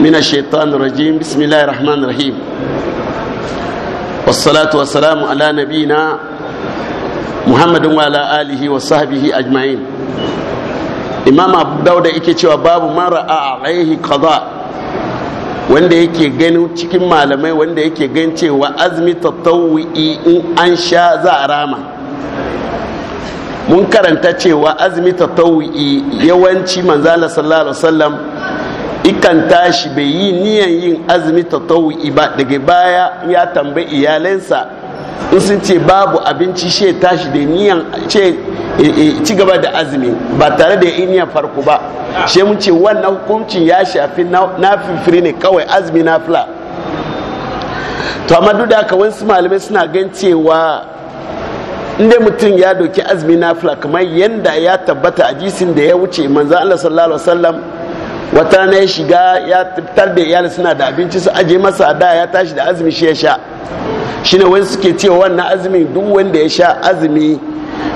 من الشيطان الرجيم بسم الله الرحمن الرحيم والصلاة والسلام على نبينا محمد وعلى آله وصحبه أجمعين إمام أبو داود يكي باب ما رأى عليه قضاء wanda yake gani cikin malamai wanda yake gan cewa azmi tatawwi in an sha za a rama mun karanta cewa azumi tatawu'i yawanci manzala sallallahu alaihi wasallam ikan tashi bai yi niyan yin azumi tatawu'i ba daga baya ya tambayi iyalensa in sun ce babu abinci she tashi da niyan ce e, e, ci gaba da azumi ba tare da niyan farko ba she mun ce wannan hukuncin ya shafi nafifiri ne kawai azumi nafila to amma duk da haka wasu malamai suna gan cewa inda mutum ya doki azumi na fila kamar yadda ya tabbata a jisin da ya wuce manzo Allah sallallahu alaihi wasallam wata na ya shiga ya tar da iyali suna da abinci su aje masa da ya tashi da azumi shi ya sha shine wani suke cewa wannan azumi duk wanda ya sha azumi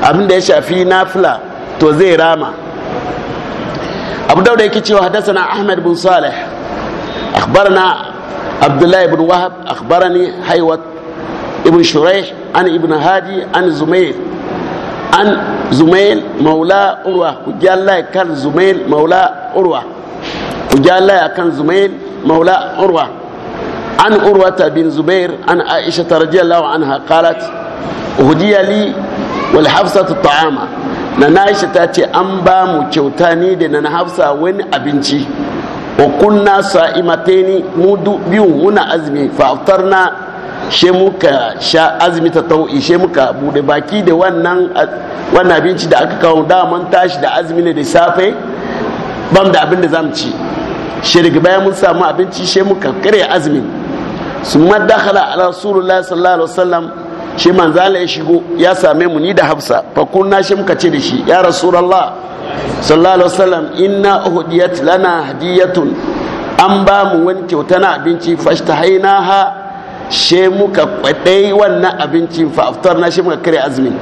abin da ya shafi nafila to zai rama abu dauda yake cewa hadasana ahmad bin salih akhbarana abdullahi bin wahab akhbarani haiwat ibn shuraih an ibn hadi an zumail an zumail maula urwa ku kan zumail maula urwa ku kan zumail maula urwa an urwata bin zubair an aisha radiyallahu anha qalat hudiya li wal hafsatu ta'ama na aisha ta ce an ba mu kyauta ni da na hafsa wani abinci wa kunna sa'imataini mudu biyu muna azumi fa aftarna she muka sha azumi ta tau'i she muka bude baki da wannan wannan abinci da aka kawo daman tashi da azumi ne da safe bam da abin da zamu ci she daga baya mun samu abinci she muka kare azumi su madakhala ala rasulullah sallallahu alaihi wasallam shi manzala ya shigo ya same mu ni da hafsa fa kunna she muka ce da shi ya rasulullah sallallahu alaihi wasallam inna uhdiyat lana hadiyatun an ba mu wani kyauta na abinci fashtahainaha she muka kwadai wannan abincin fa aftar na shi muka kare azumin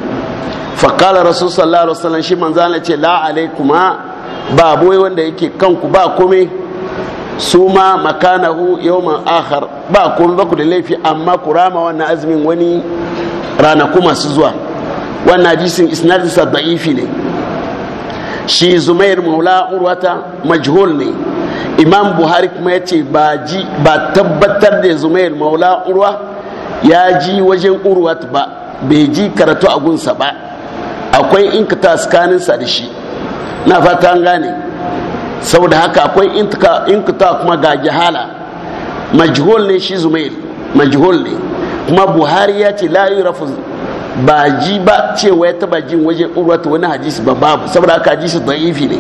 fa qala rasul sallallahu alaihi wasallam shi manzo Allah ce la alaikuma ba boye wanda yake kanku ba kome su ma makanahu yawman akhar ba komai ba ku da laifi amma ku rama wannan azumin wani ranaku su zuwa wannan hadisin sa da'ifi ne shi zumair maula urwata majhul ne imam buhari kuma ya ce ba tabbatar da zumayar maula urwa ya ji wajen urwa ba bai ji karatu a gunsa ba akwai ta tsakaninsa da shi na fata gane saboda haka akwai ta kuma ga jihala majhul ne shi zumayar majhul ne kuma buhari ya ce la yurafu ba ji ba cewa ya taba jin wajen ta wani hadisi ba babu saboda haka hadisi da'ifi ne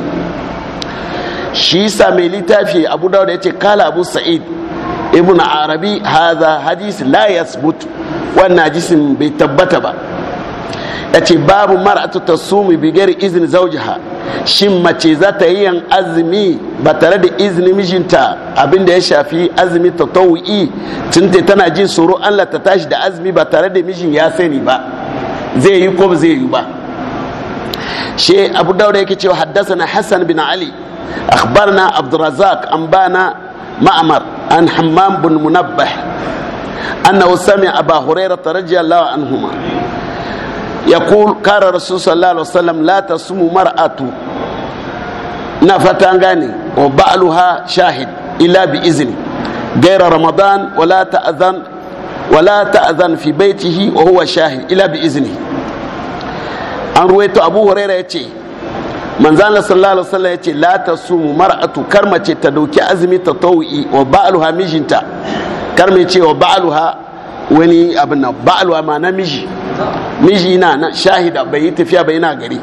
shi sa mai littafi abu dawud ya ce kala abu sa'id ibn arabi hadha hadis la yasbut wannan hadisin bai tabbata ba Yace ce babu mar'atu tasumi bi gari izini zaujiha shin mace za ta yi yan azumi ba tare da izinin mijinta abinda ya shafi azumi ta tawu'i tunte tana jin tsoro allah ta tashi da azumi ba tare da mijin ya sani ba zai yi ko zai yi ba Shi abu daura yake cewa haddasa na hassan bin ali أخبرنا عبد الرزاق أنبانا معمر عن حمام بن منبح أنه سمع أبا هريرة رضي الله عنهما يقول قال الرسول صلى الله عليه وسلم لا تصوم مرأة نفتان وبعلها شاهد إلا بإذن غير رمضان ولا تأذن ولا تأذن في بيته وهو شاهد إلا بإذنه an ruwaito abu huraira ya ce manzana sallallahu alaihi ya ce la tasumu mar'atu karmace ta dauki azumi ta tawi wa ba'luha mijinta karme ce wa ba'luha wani abin nan ba'luha ma na miji miji na na shahida bai yi tafiya bai na gari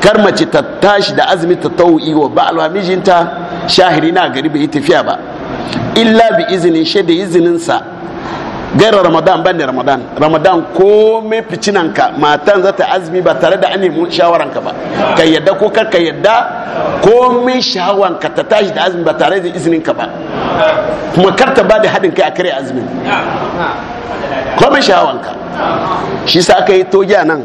karmace ta tashi da azumi ta tawi wa ba'luha mijinta shahiri na gari bai yi tafiya ba illa bi izinin shaida izinin sa gairar ramadan ban ne ramadan ramadan komai ka matan za ta azumi ba tare da an shawaran ka ba ka yadda ko kar ka yadda shawaran ka ta tashi da azumi ba tare da ka ba kuma kar ta bada hadin haɗin kai a kare azumi shawaran ka shi sa aka yi toge nan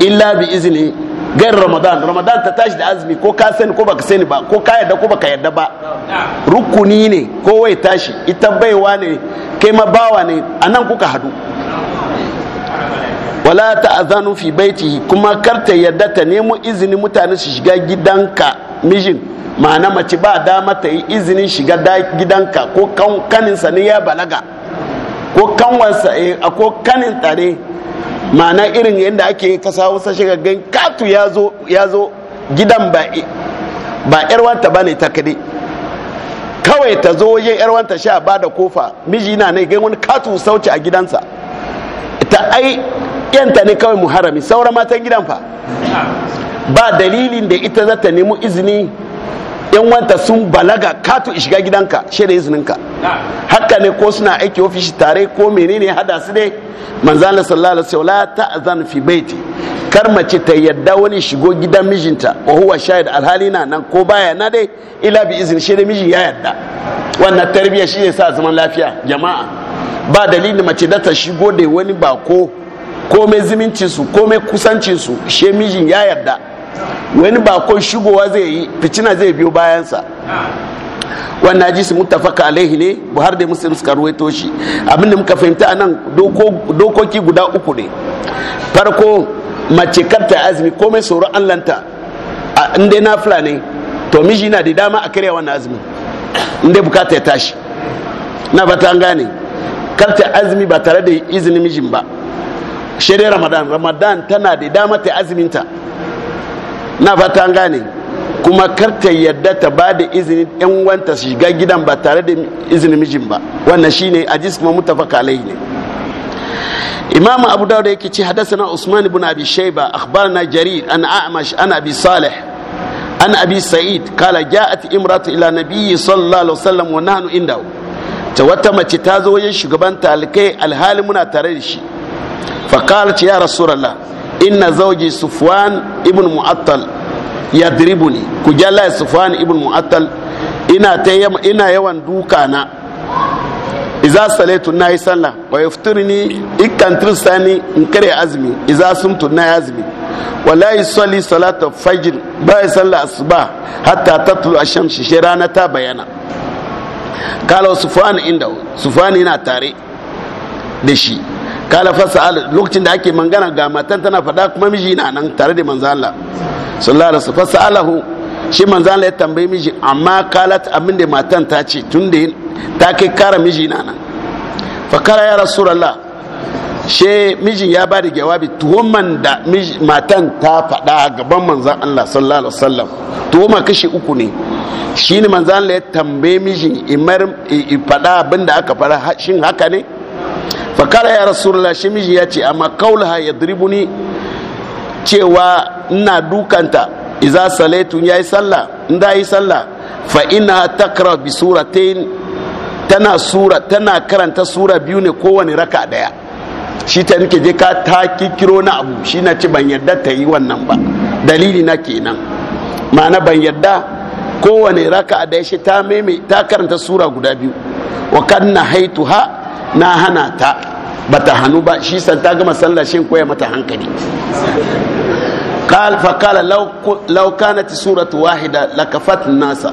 illa bi izini gayar ramadan ramadan ta tashi da azumi ko ka sani ko baka sani ba ko ka yarda ko baka yarda ba rukuni ne ko wai tashi ita baiwa ne kai ma bawa ne anan kuka hadu wala ta'zanu fi baitihi kuma karta yarda ta nemo izinin mutane su shiga gidanka mijin ma'ana mace ba dama ta yi izinin shiga gidanka ko kaninsa ne ya balaga ko kanwansa ko kanin tare ma'ana irin yadda ake kasa wasa shiga gan katu ya zo gidan ba ba yarwanta ba ne ta kade kawai ta zo wajen yarwanta sha ba da kofa miji na ne gan wani katu sauci a gidansa ta ai yanta ne kawai muharami sauran matan gidan fa ba dalilin da ita zata nemi izini yan wanta sun balaga katu shiga gidanka shi da izininka haka ne ko suna aiki ofishi tare ko menene hada su ne manzana sallallahu alaihi ta azan fi baiti kar mace ta yadda wani shigo gidan mijinta wa huwa shahid alhali na nan ko baya na dai ila bi izin shi da miji ya yadda wannan tarbiyya shi ne sa zaman lafiya jama'a ba dalili mace da ta shigo da wani bako komai zumuncinsu komai kusancinsu shi mijin ya yarda wani bakon shigowa zai yi ficina zai biyo bayansa wannan hadisi mutafaka alaihi ne buhar da muslim suka ruwaito shi abinda muka fahimta anan dokoki guda uku ne farko mace karta azumi komai tsoron allanta a inda na fula ne to miji na da dama a karya wani azumi inda bukata ya tashi na ba an gane karta azumi ba tare da izinin mijin ba shirin ramadan ramadan tana da dama ta azuminta na fata gane kuma karta yadda ta ba da izini yan wanta shiga gidan ba tare da izinin mijin ba wannan shine ajis kuma mutafa kalai ne imam abu dawud yake ce na usman ibn abi shayba na jarir an a'mash an abi salih an abi sa'id kala ja'at imratu ila nabiyyi sallallahu alaihi wasallam wa nahnu inda ta wata mace ta zo wajen shugaban talikai alhali muna tare da shi faqalat ya rasulullah inna zauji sufwan ibn mu'attal ya dribuni ku jalla sufwan ibn mu'attal ina ta ina yawan duka na iza salatu na yi sallah wa yaftirni ikkan sani in kare azumi iza sumtu na yi azumi wala yusalli salatu fajr ba ya su asuba hatta tatlu ash-shams shi rana ta bayana kala sufwan inda sufwan ina tare da shi kala fasa'al lokacin da ake mangana ga matan tana faɗa kuma miji na nan tare da manzo Allah sallallahu alaihi wasallam alahu shi manzo Allah ya tambaye miji amma kalat abin da matan ta ce tun da ta kai kara miji na nan fa kara ya rasulullah she mijin ya ba da jawabi tuhuman da matan ta faɗa gaban manzan Allah sallallahu alaihi wasallam tuhuma kashi uku ne shine manzan Allah ya tambaye mijin imar faɗa abin da aka faɗa shin haka ne fakara ya rasulullah shi miji ya ce amma kaulaha ya ni cewa ina dukanta iza saletun ya yi sallah in da yi sallah fa ina takra bi suratain tana sura tana karanta sura biyu ne kowane raka daya shi ta nike je ka ta kikiro na abu shi na ci ban yadda ta yi wannan ba dalili na kenan ma'ana ban yadda kowane raka daya shi ta karanta sura guda biyu wa kan na haituha na hana ta ba ta hannu ba shi san ta gama sallah koya mata hankali kala فقال لو لو كانت سورة واحدة lakafat nasa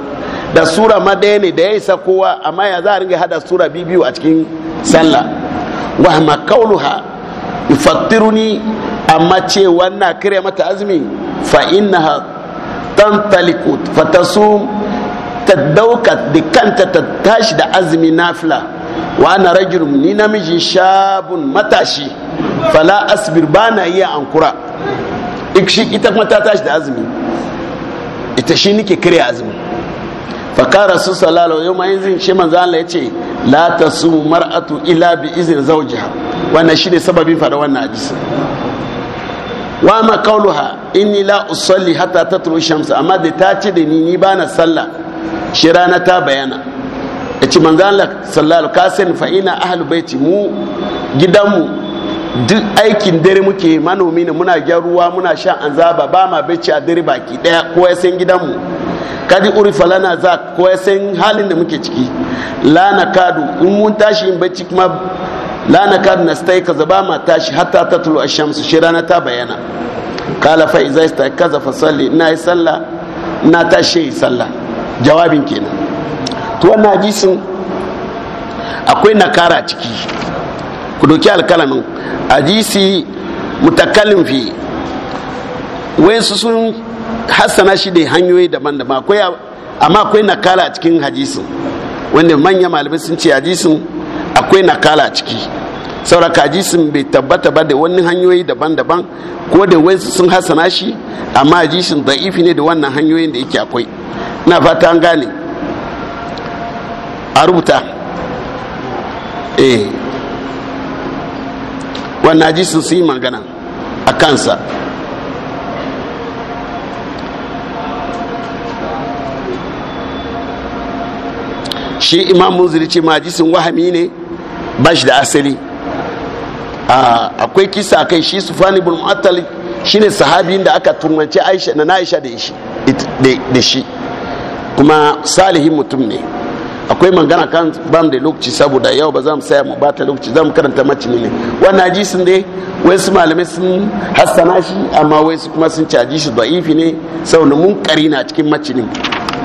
da sura ma ne da ya isa kowa amma ya za a ringa hada sura bibiyu a cikin sallah wa ma kauluha yufattiruni amma ce wannan kare mata azumi fa innaha tantaliku fatasum ta dauka da kanta ta tashi da azumi fila. wa na rajul ni namiji shabun matashi fala asbir ba na iya ankura ita kuma ta tashi da azumi ita shi nike kare azumi Fa ka rasul sallallahu yau ma yanzu shi manzo Allah yace la tasumu mar'atu illa bi izin zawjiha wannan shine sababin fara wannan hadisi wa ma qawluha inni la usalli hatta tatlu shamsa amma da ta ce da ni ni bana sallah shi rana ta bayana ya ce manzan sallallahu kasin fa'ina ahal baiti mu gidanmu duk aikin dare muke manomi ne muna gyan ruwa muna shan anzaba ba ma bacci a dare baki daya ko ya san gidanmu kadi uri falana za ko ya san halin da muke ciki lana kadu in mun tashi in bacci kuma lana kadu na stai kaza ba ma tashi hatta ta a shamsu shi rana ta bayana kala fa iza kaza fa salli ina yi sallah ina tashi yi sallah jawabin kenan to wannan hadisin akwai nakara ciki ku doki alkalamin hadisi mutakalin fi wayansu sun hassana shi da hanyoyi daban-daban akwai amma akwai nakala a cikin hadisin wanda manya malibu sun ce hadisin akwai nakala ciki sauraka hadisin bai tabbata ba da wani hanyoyi daban-daban ko da wasu sun hassana shi amma hadisin da'ifi ne da wannan hanyoyin da yake akwai na fata an gane a rubuta eh wannan ji sun yi magana a kansa shi imam munziri ce sun wahami ne ba shi da asali akwai kisa a kai shi fani bin mu'attal shi ne sahabin da aka turmanci aisha na aisha da shi kuma salihin mutum ne akwai magana kan bam da lokaci saboda yau ba za mu saya mu ta lokaci za mu karanta macini ne wannan hadisin dai wai su malamai sun hassana shi amma wai su kuma sun caji shi da'ifi ne saboda mun kari na cikin macinin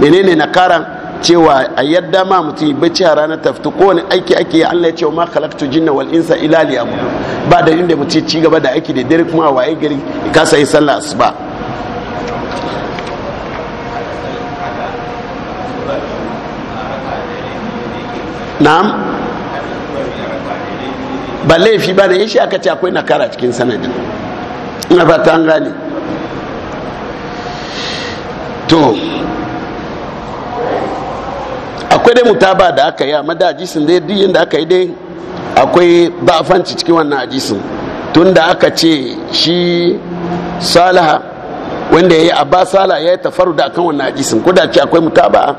menene na kara cewa a yadda ma mutum bacci a ranar ko kowane aiki ake Allah ya ce ma khalaqtu jinna wal insa ila liya'budun ba da inda mutum ci gaba da aiki da dare kuma waye gari ka sai sallah asuba na'am ba laifi ba ne shi aka ce akwai nakara cikin sanadin na fata an gane to akwai dai mutaba da aka yi amma da ajisin dai duk yadda aka yi dai akwai ba'afanci cikin wannan ajisun tun da aka ce shi salaha wanda ya yi abba ya yi tafaru da akan wannan ajisun ko da ce akwai mutaba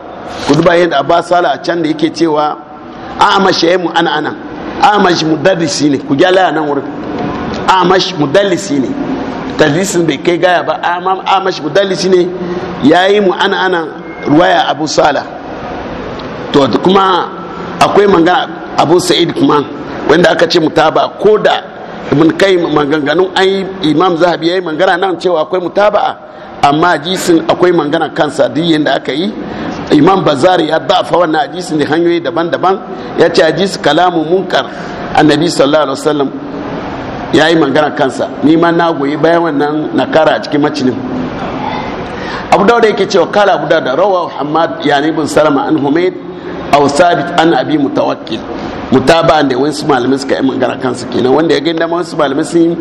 ku duba yadda abba sala a can da yake cewa amashe ya mu ana ana amash mudallisi ne ku gyala nan wurin amash mudallisi ne tadlisin bai kai gaya ba amash mudallisi ne yi mu ana ana ruwaya abu sala to kuma akwai magana abu sa'id kuma wanda aka ce mutaba ko da ibn kai maganganun an yi imam zahabi ya yi magana nan cewa akwai mutaba amma jisin akwai magana kansa duk yadda aka yi imam bazari ya fa wannan hadisi ne hanyoyi daban-daban ya ce hadisi kalamu munkar annabi sallallahu alaihi wasallam ya yi magana kansa ni ma na goyi bayan wannan nakara a cikin macinin abu da yake cewa kala abu da rawa hamad yani bin salama an humaid aw sabit an abi mutawakkil mutaba'an da wasu malamin suka yi magana kansa kenan wanda ya ganda dama wasu malamai sun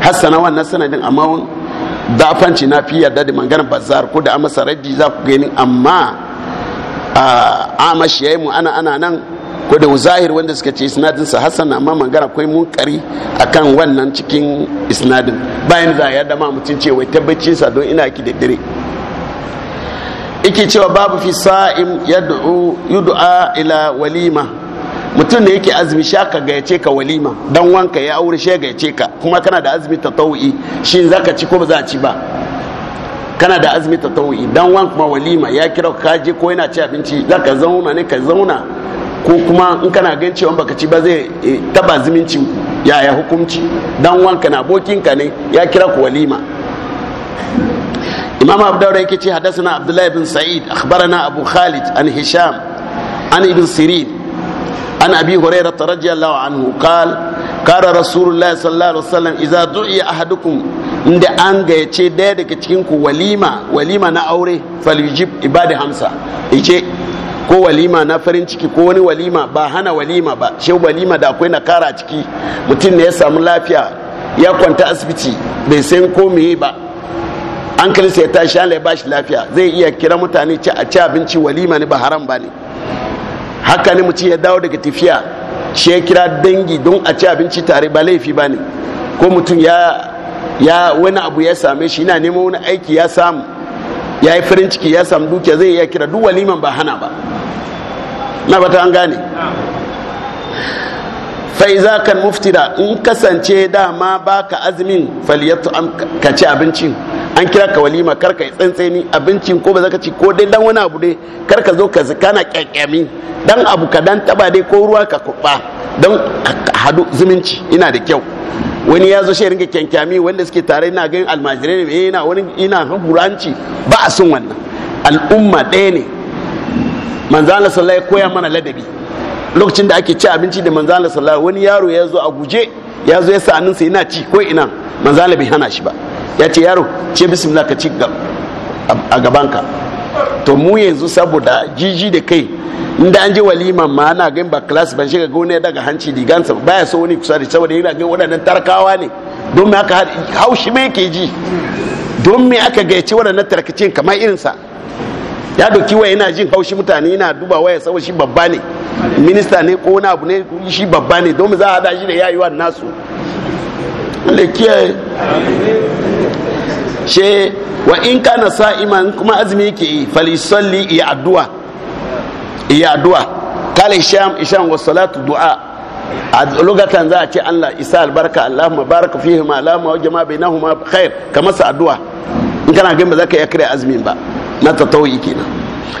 hassana wannan sanadin amma da fanci na fi yarda da maganar bazar ko da amsa raddi za ku gani amma a yayi mu ana ana nan ko da zahir wanda suka ce isnadin sa hasan amma magana akwai munkari akan wannan cikin isnadin bayan za ya dama mutum ce wai tabbacin sa don ina ki da dare cewa babu fi sa'im ya du'a ila walima mutum ne yake azumi sha ka gayyace ka walima dan wanka ya aure shi gayyace ka kuma kana da azumi ta tau'i shin zaka ci ko ba za a ci ba kana da azumi ta tawuyi dan wan kuma walima ya kira ka je ko yana ci abinci za ka zauna ne ka zauna ko kuma in kana gan cewa baka ci ba zai e, taba zumunci ya ya hukunci dan wanka na ka ne ya kira ku walima imam abu daura yake ce hadasana abdullahi bin sa'id akhbarana abu khalid an hisham an ibn sirin an abi hurairah radiyallahu anhu qala qala rasulullahi sallallahu alaihi wasallam idza du'iya ahadukum inda an gayyace daya daga cikin ku walima walima na aure faljib ibadi hamsa ice ko walima na farin ciki ko wani walima ba hana walima ba shi walima da akwai na nakara ciki mutum ne ya samu lafiya ya kwanta asibiti bai san ko meye ba an kalisa ya tashi Allah ya shi lafiya zai iya kira mutane ci a ci abinci walima ne ba haram ba ne haka ne mutum ya dawo daga tafiya shi ya kira dangi don a ci abinci tare ba laifi ba ne ko mutum ya ya wani abu ya same shi yana neman wani aiki ya samu ya yi farin ciki ya samu dukiya zai iya kira duk waliman ba hana ba na bata an gane fa'iza kan muftira in kasance dama baka azumin faliyatu an ka abincin an kira ka walima karka tsantseni abincin ko ba ka ci ko dai dan wani abu dai karka zo ka zikana kyakkyami dan abu ka dan taba dai ko ruwa ka kuɓa don hadu zumunci ina da kyau wani ya zo shi ringa kyankyami wanda suke tare na ganin almajirai ne ya eh, wani ina huranci ba a sun wannan al'umma ɗaya ne manzana sallah ya koya mana ladabi lokacin da ake ci abinci da manzana sallah wani yaro ya zo a guje ya zo ya sa hannunsa yana ci ko ina manzana bai hana shi ba ya ce yaro ce bismillah ka ci a gabanka to mu yanzu saboda jiji da kai inda an je waliman ma ana gan ba class ban shiga gona daga hanci digansa baya so wani kusa da saboda yana gan wadannan tarkawa ne don me aka haushi me ke ji don me aka gaici wadannan tarkacin kamar irinsa ya doki waya yana jin haushi mutane yana duba waya saboda shi babba ne minista ne ko wani abu ne shi babba ne don za a da shi da yayuwa nasu Allah kiyaye wa in kana sa'iman kuma azumi yake yi falisalli iya addu'a iya addu'a kala isham isham wa salatu du'a a lugatan za a ce Allah isa albarka Allahumma baraka fihi ma la ma jama bainahuma khair ka masa addu'a in kana gani ba za ka iya kare azumin ba na tatawi kenan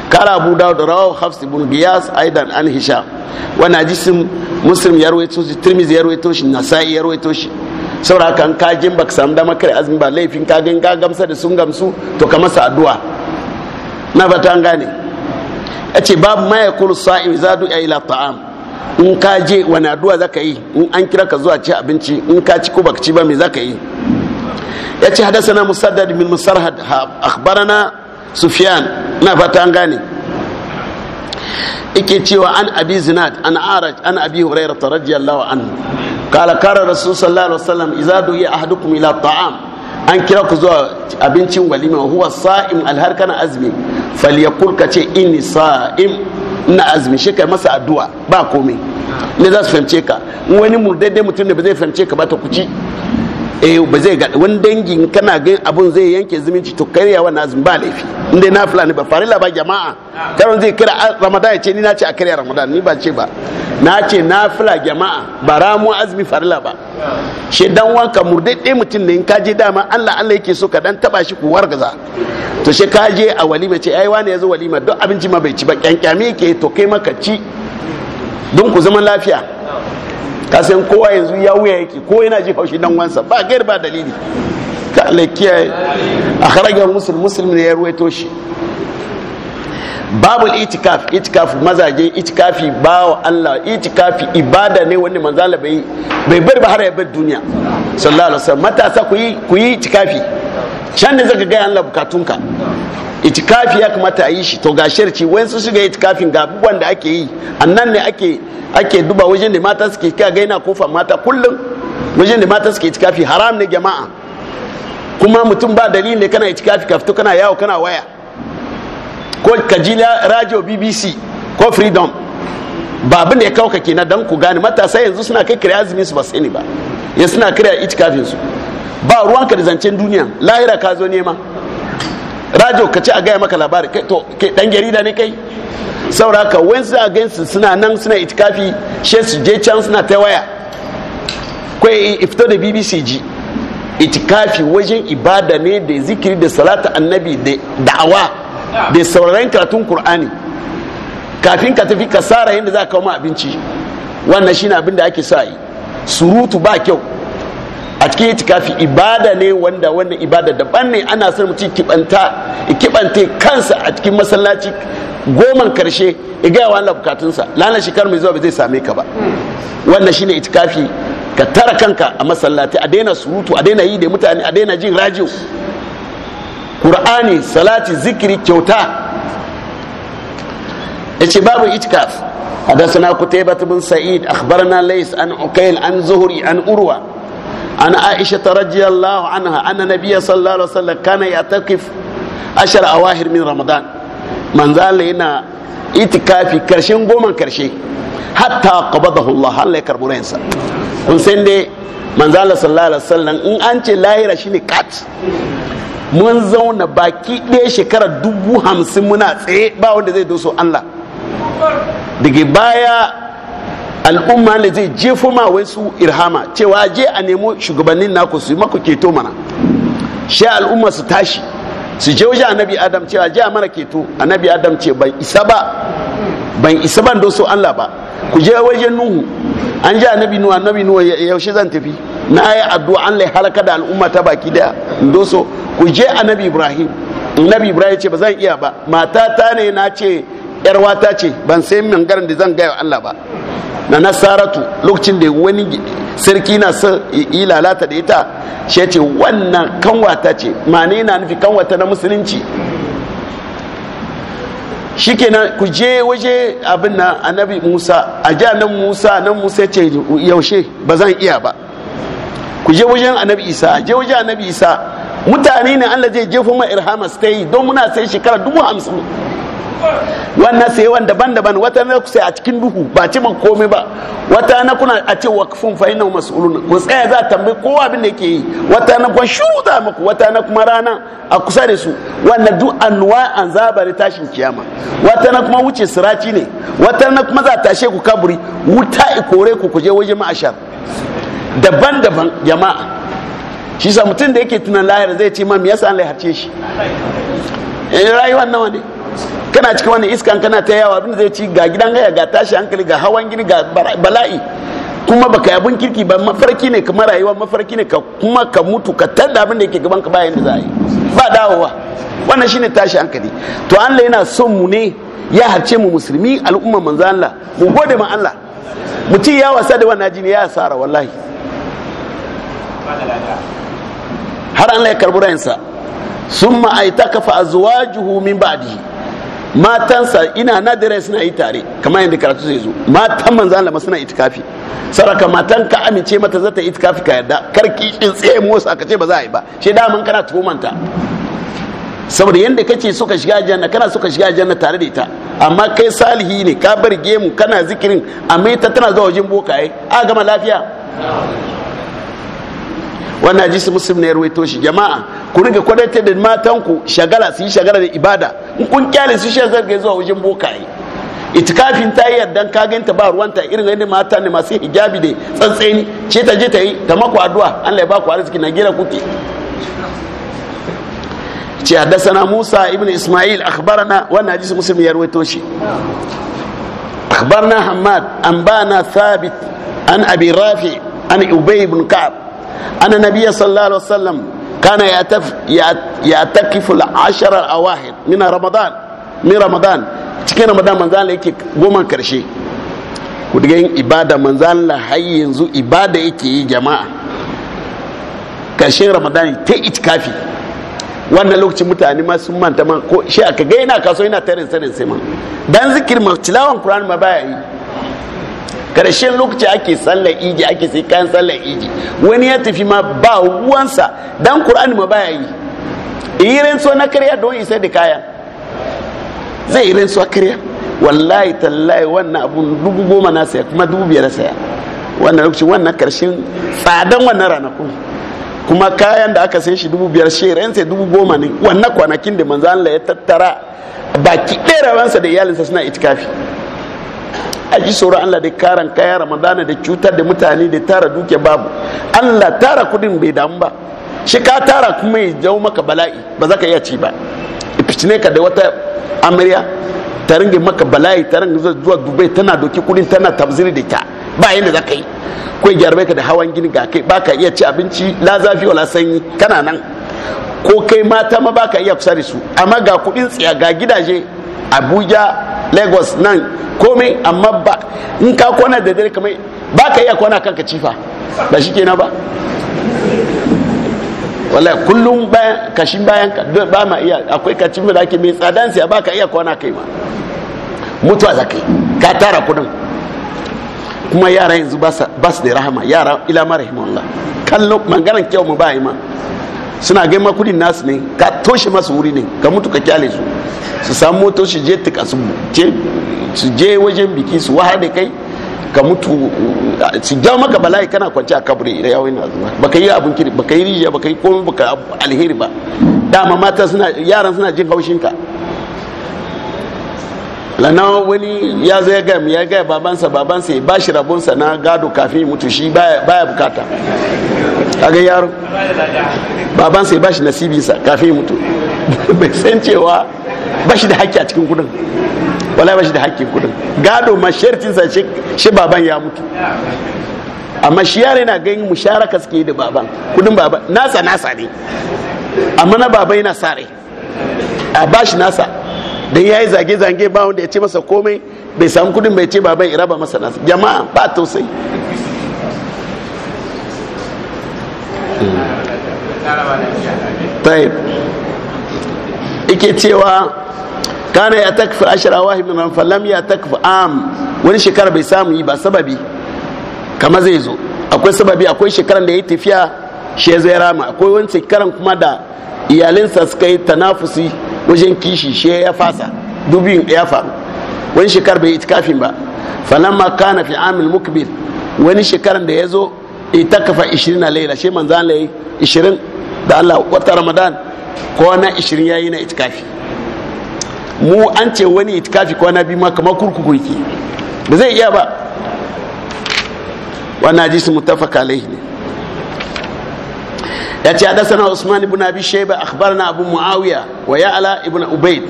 kala abu dawud rawahu hafs ibn giyas aidan an hisham wa najisim muslim yarwaito shi Turmizi yarwaito shi nasa'i yarwaito shi saboda haka an kajin baka samu dama kare azumi ba laifin ka ga gamsa da sun gamsu to ka masa addu'a na fata an gane a ce babu ma ya kulu sa'in za du'a ila ta'am in ka je wani addu'a za ka yi in an kira ka zuwa ci abinci in ka ci ko baka ci ba me ka yi ya ce hadasana musaddad min musarhad akhbarana sufyan na fata an gane ike cewa an abi zinad an araj an abi hurairah radiyallahu anhu kala kara rasul sallallahu alaihi wasallam idza du'iya ahadukum ila ta'am an kira ku zuwa abincin walima huwa sa'im alharka na azmi falyakul ka ce inni sa'im na azmi shi kai masa addu'a ba komai ne za su fahimce ka wani murdaddai mutum ne ba zai fahimce ka ba ta kuci eh ba zai ga wani dangin kana gan abun zai yanke zumunci to karya wannan ba laifi inda na fulani ba farila ba jama'a karon zai kira ah, ramadan ya ce ni na ce a karya ramadan ni ba ce ba na ce na jama'a ba ramu azumi farila ba shi dan wanka murdadde mutum ne in ka je dama Allah Allah yake so ka dan taba shi ku wargaza to shi ka je a walima ce ai wani zo walima duk abinci ma bai ci ba kyankyami yake to kai maka ci don ku zama lafiya ka san kowa yanzu ya wuya yake ko yana ji haushi dan wansa ba gair ba dalili ka Allah kiyaye akhrajahu muslim muslim ne ya ruwaito shi Babu itikaf itikaf mazaje itikafi bawa Allah itikafi ibada ne wanda manzo Allah bai bai bar ba har ya bar duniya sallallahu alaihi wasallam matasa ku yi ku yi itikafi can ne zaka ga Allah bukatunka itikafi ya kamata a yi shi to ga sharci wai su shiga itikafin ga abubuwan da ake yi annan ne ake duba wajen da mata suke ka ga yana kofa mata kullum wajen da mata suke itikafi haram ne jama'a kuma mutum ba dalili ne kana itikafi ka fito kana yawo kana waya ko kajila radio bbc ko freedom ba abin da ya kawo kake na dan ku gane matasa yanzu suna kai kira azumin su ba ne ba ya suna kira itikafin su ba ruwan ka da zancen duniya lahira ka zo nema rajo ka ci a gaya maka labari kai to kai dan jarida ne kai sauraka wani su a gansu suna nan suna itikafi she su je can suna ta waya kai ifto da bbc ji itikafi wajen ibada ne da zikiri da salata annabi da da'awa da sauraron karatun kur'ani kafin ka tafi ka sara yadda za ka kawo abinci wannan shine abin da ake sa yi surutu ba kyau a cikin itikafi ibada ne wanda wannan ibada daban ne ana son mutum kibanta kibante kansa a cikin masallaci goman karshe igaya wa Allah bukatunsa lana shekaru mai zuwa ba zai same ka ba wannan shine itikafi ka tara kanka a masallaci a daina surutu a daina yi da mutane a daina jin rajiyo qur'ani salati zikiri kyauta yace babu itikaf حدثنا قتيبة بن سعيد أخبرنا ليس عن عقيل عن زهري عن أروى an aisha ta rajiyallahu anha anna nabiyya sallallahu alaihi wasallam kana takif ashar awahir min ramadan manzo yana itikafi karshen goman karshe hatta qabadahu Allah Allah ya karbu ransa kun san dai manzo sallallahu alaihi wasallam in an ce lahira shine kat mun zauna baki ɗaya shekara dubu hamsin muna tsaye ba wanda zai doso Allah daga baya al'umma ne zai jefo ma wasu irhama cewa je a nemo shugabannin naku su yi maku keto mana shi al'umma su tashi su je wajen annabi adam cewa je a mana keto annabi adam ce ban isa ba ban isa ban doso allah ba ku je wajen nuhu an ji annabi nuhu annabi nuhu yaushe zan tafi na yi addu'a an lai halaka da al'umma ta baki da doso ku je annabi ibrahim annabi ibrahim ce ba zan iya ba mata ta ne na ce wata ce ban sai min garin da zan gaya allah ba na nasaratu lokacin da wani sarki na son ilalata da ita shi ce wannan kanwata ce mane na nufi kanwata na musulunci shi shikenan ku je waje abin na annabi musa a ji nan musa nan musa ce yaushe ba zan iya ba ku je wajen annabi isa a je waje annabi isa mutane ne allah zai jefo ma irhamas ta yi don muna sai shekara dubu hamsin wannan sayewan daban-daban wata na ku sai a cikin duhu ba ci man komai ba wata na kuna a ce wakfin fa inna mas'uluna ku tsaya za tambayi kowa abin da yake yi wata na kuma shuru za muku wata na kuma rana a kusa da su wannan duk anwa an zabari tashin kiyama wata na kuma wuce siraci ne wata na kuma za tashe ku kaburi wuta ikore ku kuje waje ma'ashar daban-daban jama'a shi sa mutum da yake tunan lahira zai ce ma me yasa an laharce shi eh, rayuwar nawa ne kana cikin wani iskan kana ta yawa abin zai ci ga gidan haya ga tashi hankali ga hawan gini ga bala'i kuma baka yi abin kirki ba mafarki ne kamar rayuwa mafarki ne ka kuma ka mutu ka tada abin da yake gaban ka bayan da za a yi ba dawowa wannan shine tashi hankali to Allah yana son mu ne ya harce mu musulmi al'umma manzo Allah mu gode ma Allah mutum ya wasa da wannan jini ya sara wallahi har Allah ya karbi rayinsa summa aitaka fa azwajuhu min ba'dihi matansa ina na dare suna yi tare kamar yadda karatu zai zo matan manzo Allah suna itikafi saraka matan ka amince mata za ta itikafi ka yarda kar kishin tsaye motsa ka ce ba za a yi ba shi daman kana manta saboda yadda kace suka shiga janna kana suka shiga janna tare da ita amma kai salihi ne ka bar gemu kana zikirin amma ita tana zuwa wajen bokaye a gama lafiya wannan hadisi muslim ne ya ruwaito shi jama'a ku riga kwadata da matanku shagala su yi shagala da ibada in kun kyale su shi zarge zuwa wajen bokaye itikafin ta yi yardan ka ganta ba ruwanta irin yadda mata ne masu hijabi da tsantseni ce ta je ta yi ta maku addu'a Allah ya ba ku arziki na gira kuke ce haddasana Musa ibn Ismail akhbarana wannan hadisi muslim ya ruwaito shi akhbarna Hammad an bana Thabit an Abi Rafi an Ubay ibn Ka'ab ana النبي صلى الله عليه kana كان يأتف يأتكف العشر awahid من ramadan min ramadan cikin ramadan manzo Allah yake goma karshe ku إبادة yin ibada manzo Allah har yanzu ibada yake yi jama'a wannan lokacin mutane ma sun manta ma ko shi aka ga yana kaso yana tarin sanin sai ma dan zikir ma tilawan qur'ani ma baya yi karshen lokaci ake sallar iji ake sai kayan sallar iji wani ya tafi ma ba ruwansa dan qur'ani ma baya yi irin so na kariya don isa da kayan zai irin so kariya? wallahi tallahi wannan abun dubu goma na saya kuma dubu biyar saya wannan lokaci wannan karshen tsadan wannan ranakun kuma kayan da aka sai shi dubu biyar shi sai dubu goma ne wannan kwanakin da manzo Allah ya tattara baki ɗaya rabansa da iyalinsa suna itikafi a ji tsoron Allah da karan kaya ramadana da cutar da mutane da tara duke babu Allah tara kudin bai damu ba shi ka tara kuma ya jawo maka bala'i ba za ka iya ci ba fitine ka da wata amarya ta ringe maka bala'i ta ringe zuwa dubai tana doki kudin tana tabziri da ta ba yadda za ka yi ko gyarbe ka da hawan gini ga kai ba ka iya ci abinci la zafi wala sanyi kana nan ko kai mata ma ba ka iya kusa da su amma ga kudin tsiya ga gidaje abuja lagos nan komai amma ba in ka kwana da dare kamar ba ka iya kwana kanka cifa ba shi kenan ba wallahi kullum bayan kashin bayan ka ba ma iya akwai kacin da ake mai tsadan siya ba ka iya kwana kai ma mutuwa za ka yi ka tara kudin kuma yara yanzu ba su da rahama yara ila marahim Allah kallon maganar kyau mu ba yi ma suna gaima kudin nasu ne ka toshe masu wuri ne ka mutu ka kyale su su samu moto su je tuka su je wajen biki su wahar da kai ka mutu su jawo maka bala'i kana kwanci a kabri da yawon na zuwa baka yi abin kiri baka yi rijiya baka yi komai baka alheri ba dama mata suna yaran suna jin haushinka lana wani ya zai gam ya gaya babansa babansa ba shi rabonsa na gado kafin mutu shi baya bukata kaga yaro babansa ba shi nasibinsa kafin mutu bai san cewa ba shi da haƙƙi a cikin kudin wala ba shi da haƙƙin kudin gado ma shartinsa shi baban ya mutu amma shi yare na ganin musharaka suke da baban kudin baban nasa nasa ne amma na baban yana sare a ba shi nasa ya yi zage zage ba wanda ya ce masa komai bai samu kudin bai ce baban iraba masa nasu jama'a ba tausayi طيب ike cewa kana ya takfi ashirar wahid na falam ya takfi am wani shekara bai samu yi ba sababi kama zai zo akwai sababi akwai shekaran da ya yi tafiya shi ya zai rama akwai wani shekaran kuma da iyalinsa suka yi tanafusi wajen kishi shi ya fasa dubin ya faru wani shekar bai itikafin ba falamma kana fi amil mukbil wani shekaran da ya zo ita kafa 20 na laila shi manzo Allah yayi 20 da Allah wata Ramadan kwana 20 yayi na itikafi mu an ce wani itikafi kwana bi ma kamar kurkuku yake ba zai iya ba wannan hadisi muttafaq alaihi ne yace ce hadasana usman ibn abi shayba akhbarna abu muawiya wa ya'la ibn ubayd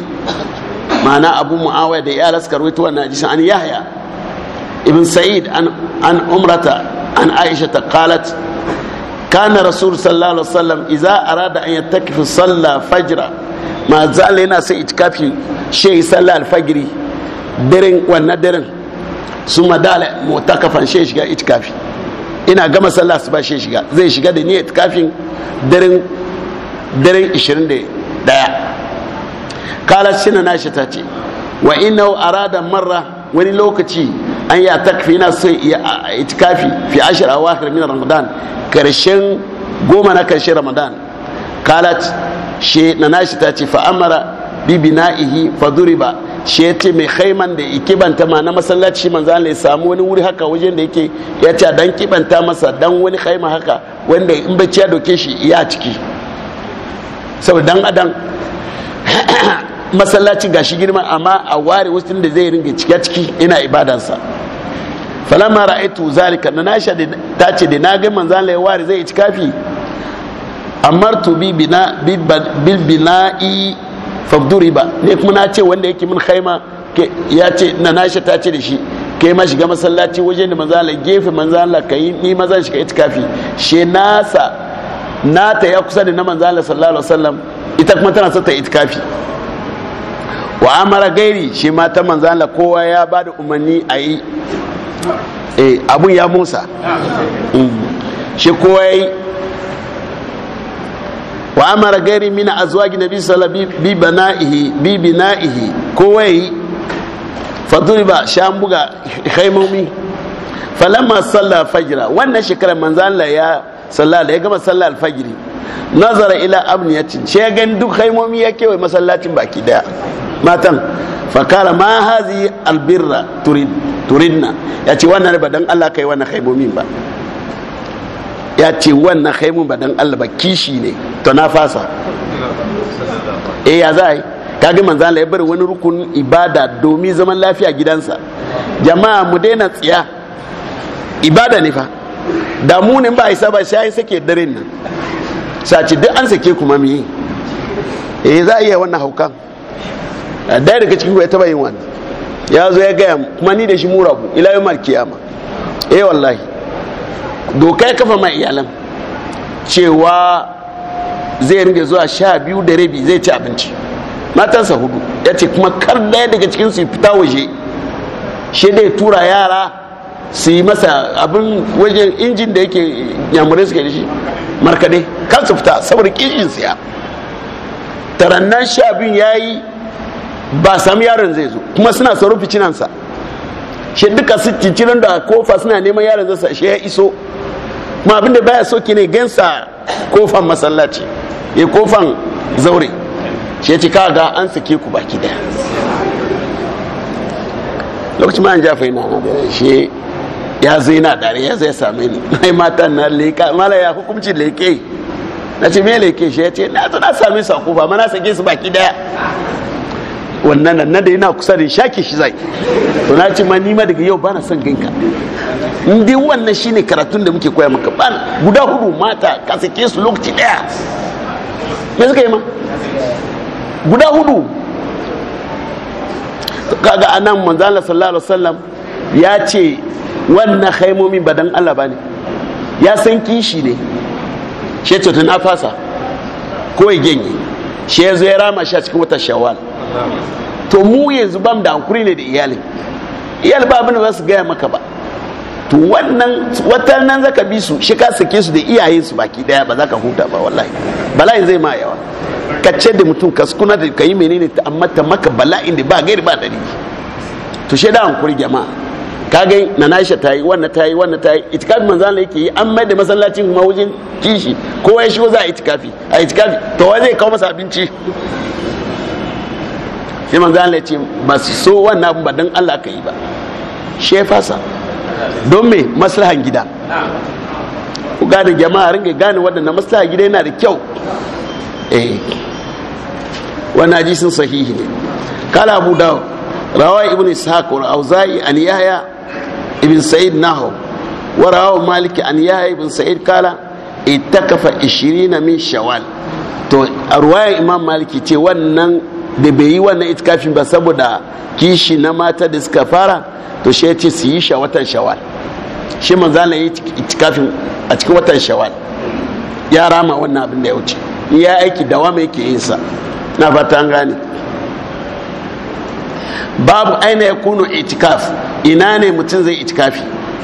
ma'ana abu muawiya da ya'la suka rawaito wannan hadisi an yahya ibn sa'id an an umrata an aisha ta qalat kana rasul sallallahu alaihi wasallam idza arada an yattakifa salla fajra ma zalla yana sai itikafi shi sallah alfajri daren wannan daren suma dala mutakafan shi shiga itikafi ina gama sallah su ba shi shiga zai shiga da niyyar kafin daren 21 kalas shi na nashi ta ce wa ina arada marra wani lokaci an ya takfi na sai iya itikafi fi ashir a awakhir min ramadan karshen goma na karshen ramadan kalat shi na nashi ta ce fa amara bi fa fa ba. shi ya ce mai haiman da ya kibanta ma na masallaci manzo Allah ya samu wani wuri haka wajen da yake ya ce dan kibanta masa dan wani haima haka wanda in bai ya doke shi ya ciki saboda dan adam masallaci gashi girma amma a ware wasu da zai ringa ciki ciki ina ibadansa falama ra'aitu zalika na nasha ta ce da na ga manzo Allah ya ware zai ci kafi amartu bi bina bi bina'i fabduri ba ne kuma na ce wanda yake min khaima ya ce na nashi ta ce da shi ke ma shiga masallaci waje da manzala gefe manzala ka yi ni zan shiga itikafi she nasa ta ya kusa da na manzala sallallahu alaihi wasallam ita kuma tana sata itikafi wa amara gairi shi ma ta manzala kowa ya ba da umarni a yi eh, abun ya musa mm. shi kowa ya yi wa amara gari mina azwaji nabi sallallahu bi wasallam bi bina'ihi kowa ba faduriba shan buga haimomi falamma salla fajira wannan shekarar manzo Allah ya salla da ya gama salla alfajiri nazara ila ya shi ya gani duk haimomi ya kewaye masallacin baki daya matan fakara ma hazi albirra turinna ya ce wannan ba dan Allah kai wannan haimomin ba ya ce wannan haimun ba dan Allah ba kishi ne to na fasa eh ya za a yi kaga manzo Allah ya bari wani rukun ibada domin zaman lafiya gidansa jama'a mu daina tsiya ibada ne fa da mu ne ba isa ba yi sake daren nan sace duk an sake kuma mu yi eh za a iya wannan haukan daya daga cikin ya taba yin wannan ya zo ya gaya kuma ni da shi mu rabu ila yau kiyama eh wallahi doka ya kafa ma iyalan cewa zai ringa zuwa sha biyu da rabi zai ci abinci matansa hudu ya ce kuma kar daya daga cikin su fita waje shi dai tura yara su yi masa abin wajen injin da yake yamurai suke da shi markade kan su fita saboda kishin siya tarannan sha biyun ya yi ba sami yaron zai zo kuma suna sauran ficinansa shi duka su cincirin da kofa suna neman yaran zasa shi ya iso ma abinda baya so ki ne gansa kofan masallaci ya eh, kofan zaure shi ya ci kaga an sake ku baki daya lokacin ma'an an jafa yana na da shi ya zai na dare ya zai same ni na yi mata na leka mala ya hukumci leke na ce me leke shi ya ce na zo na same su kofa ma sake su baki daya wannan nan da yana kusa da shaki shi zai to na ce ma ni ma daga yau bana son ganka in dai wannan shine karatun da muke koya maka ban guda hudu mata ka sake su lokaci daya me suka yi ma guda hudu kaga anan manzo Allah sallallahu alaihi wasallam ya ce wannan haimomi ba dan Allah bane ya san kishi ne shi ce tun afasa ko ya genye shi ya zo ya rama shi a cikin watan shawala to mu yanzu bam da hankuri ne da iyali iyali ba abin da za su gaya maka ba to wannan watan nan ka bi su shi ka sake su da iyaye su baki daya ba za ka huta ba wallahi bala'in zai ma yawa ka ce da mutum ka kuna da yi menene ta amma ta maka bala'in da ba gairi ba dalili to shi da hankuri jama'a ka ga nanasha ta yi wannan ta yi wannan ta yi itikafi manzo Allah yake yi an mai da masallacin kuma wajen kishi kowa ya shigo za a itikafi a itikafi to wa zai kawo masa abinci sai manzo Allah ya ce ba so wannan abin ba dan Allah ka yi ba shi ya fasa don me maslahan gida ku gane jama'a ringa gane waɗannan maslahan gida yana da kyau eh wannan hadisin sahihi ne kala abu dawud rawa ibn ishaq wa auza'i an yahya ibn sa'id nahu wa rawa malik an yahya ibn sa'id kala ittakafa 20 min shawal to a ruwayar imam maliki ce wannan da bai yi wannan itikafin ba saboda kishi na mata da suka fara to shi ya ce su yi sha watan shawal shi manzala yi itikafin a cikin watan shawal ya rama wannan abin da ya wuce ya aiki dawama ke yin sa na fata an gane babu aina ya kuno itikaf ina ne mutum zai itikafi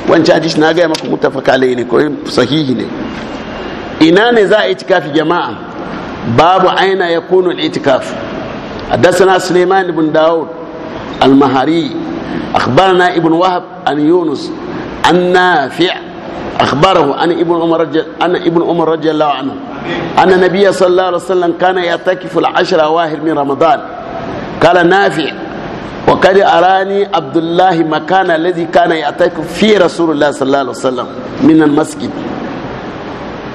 wancan hadis na gaya maka mutafaka kalai ne ko sahihi ne ina ne za a itikafi jama'a babu aina ya kuno itikaf حدثنا سليمان بن داود المهري أخبرنا ابن وهب عن يونس عن نافع أخبره ان ابن عمر رجل ان ابن عمر رضي الله عنه أن النبي صلى الله عليه وسلم كان يعتكف العشر أواخر من رمضان قال نافع وقد أراني عبد الله مكان الذي كان يعتكف فيه رسول الله صلى الله عليه وسلم من المسجد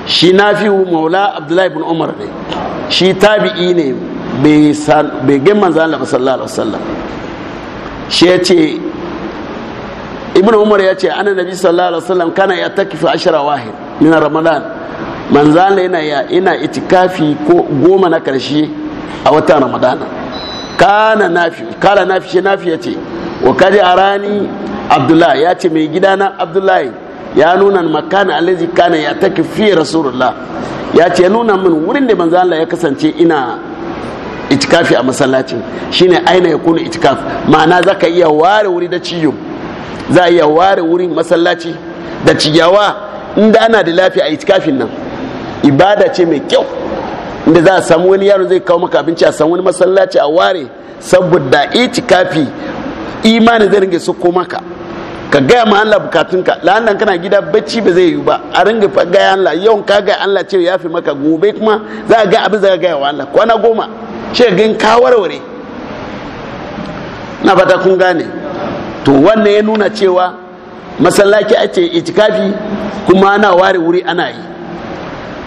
شي نافع مولى عبد الله بن عمر شي تابعي bai gan manzan Allah sallallahu alaihi wasallam shi ya ce ibn umar ya ce ana nabi sallallahu alaihi wasallam kana ya takifi ashara wahe, min ramadan manzan yana ya ina itikafi ko goma na karshe a watan ramadan kana nafi kana nafi shi nafi ya ce wa a arani abdullahi ya ce mai gidana abdullahi ya nuna makana alaji kana ya takifi rasulullah ya ce nuna min wurin da manzan Allah ya kasance ina itikafi a masallacin shine aina ya kuna itikaf ma'ana za ka iya ware wuri da ciyo za a iya ware wurin masallaci da ciyawa inda ana da lafiya a itikafin nan ibada ce mai kyau inda za a samu wani yaro zai kawo maka abinci a samu wani masallaci a ware saboda itikafi imani zai ringa soko maka ka gaya ma Allah bukatunka la'annan kana gida bacci ba zai yi ba a ringa gaya Allah yau ka gaya Allah ce ya fi maka gobe kuma za a ga abin za ka gaya wa Allah kwana goma ce gan kawarware na fata kun gane to wannan ya nuna cewa masallaci ake itikafi kuma ana ware wuri ana yi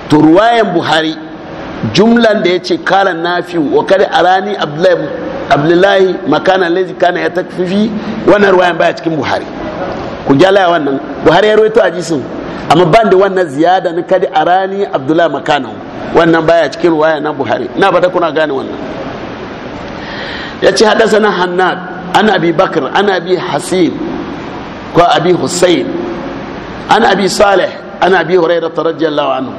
to ruwayan buhari jumlan da ya ce kala nafi wa kada arani abdullahi makana lezi kana ya takfifi wannan ruwayan baya cikin buhari ku gyalaya wannan buhari ya a jisun amma ban da wannan ziyada na kadi rani abdullahi makana wannan baya cikin ruwaya na buhari na bata kuna gane wannan ya ce haddasa na hannad Ana bi bakar ana bi hasim ko abi hussein Ana bi saleh an abi hurairah radiyallahu anhu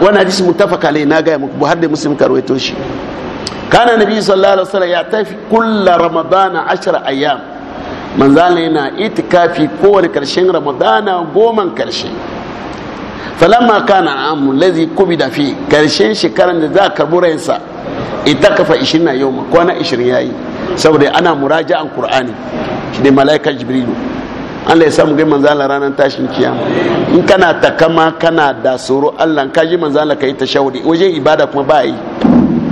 wani hadisi mutafaka ne na gaya muku buhari da muslim karwaito shi kana nabi sallallahu alaihi wasallam ya tafi kullu ramadana ashara ayyam manzala yana itikafi kowane karshen ramadana goma karshe falamma kana amu lazi da fi karshen shekaran da za a karbi rayansa ita kafa 20 na yau kwana 20 yayi saboda ana an qur'ani shi ne malaika jibrilu Allah ya samu gai manzala ranar tashin kiyama in kana takama kana da tsoro Allah ka ji manzala ka yi tashahudi wajen ibada kuma ba yi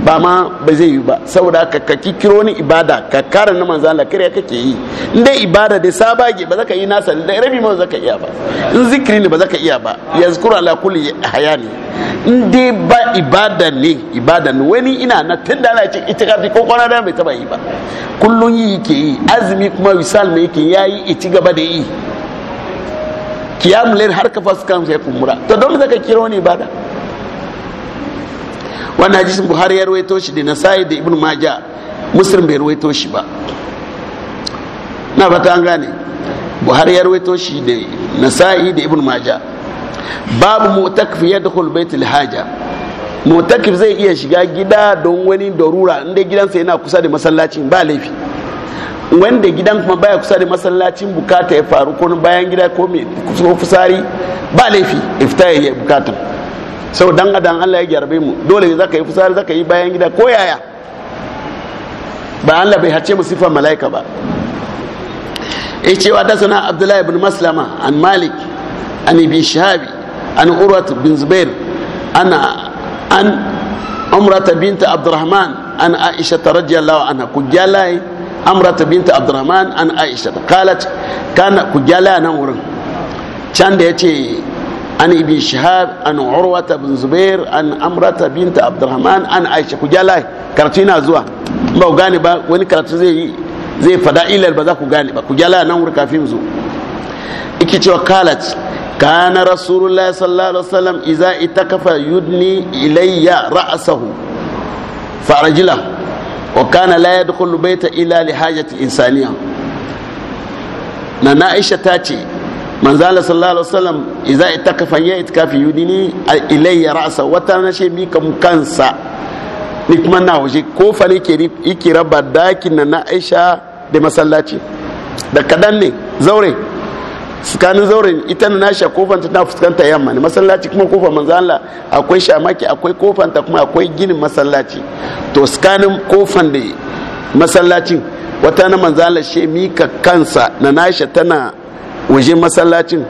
ba ma ba zai yi ba saboda ka ka kikiro ni ibada ka kara na manzan Allah kare kake yi inda dai ibada dai sabage ba zaka yi nasa da rabi ma zaka iya ba in zikiri ne ba zaka iya ba yazkuru ala kulli hayani in dai ba ibada ne ibada ne wani ina na tunda ana ce itikafi ko kwana da bai taba yi ba kullun yi yake yi azumi kuma wisal mai yake yayi ici gaba da yi kiyamul har kafa su kan sai kumura to don zaka kiro ni ibada wannan hadisin buhari ya rawaito shi da nasai da ibn maja muslim bai rawaito shi ba na fata an gane buhari ya rawaito shi da nasai da ibn maja babu mutakfi ya dakhul baitul haja mutakif zai iya shiga gida don wani darura inda gidansa yana kusa da masallacin ba laifi wanda gidan kuma baya kusa da masallacin bukata ya faru ko bayan gida ko mai fusari ba laifi ifta ya bukatan sau dan adan Allah ya gyarbe mu dole ne zaka yi fusari zaka yi bayan gida ko yaya ba Allah bai hace mu sifar mala'ika ba ya ce wa dasana abdullahi ibn maslama an malik an ibi shahabi an urwat bin zubair ana an umrata binta abdurrahman an aisha ta radiyallahu anha ku gyalaye amrata binta abdurrahman an aisha ta kalat kana ku gyalaya nan wurin can da ya ce an ibn shahab an urwata bin zubair an amrata binta abdurrahman an aisha ku jala karatu na zuwa ba ku gane ba wani karatu zai yi zai fada ilal ba za ku gane ba ku jala nan wuri kafin zo iki cewa kalat kana rasulullah sallallahu alaihi wasallam idza itakafa yudni ilayya ra'sahu fa rajula wa kana la yadkhulu bayta ila li hajati insaniya na na aisha ta ce manzo Allah sallallahu alaihi wasallam idza itakafa ya itikafi yudini ilayya ra'sa wata na she mi kam kansa ni kuma na waje kofa ne ke yake raba dakin na Aisha da masallaci da kadan ne zaure tsakanin zaure ita na nasha kofanta ta fuskanta yamma ne masallaci kuma kofa manzo Allah akwai shamaki akwai kofanta kuma akwai ginin masallaci to tsakanin kofan da masallacin wata na manzo Allah she mika kansa na nasha tana waje masallacin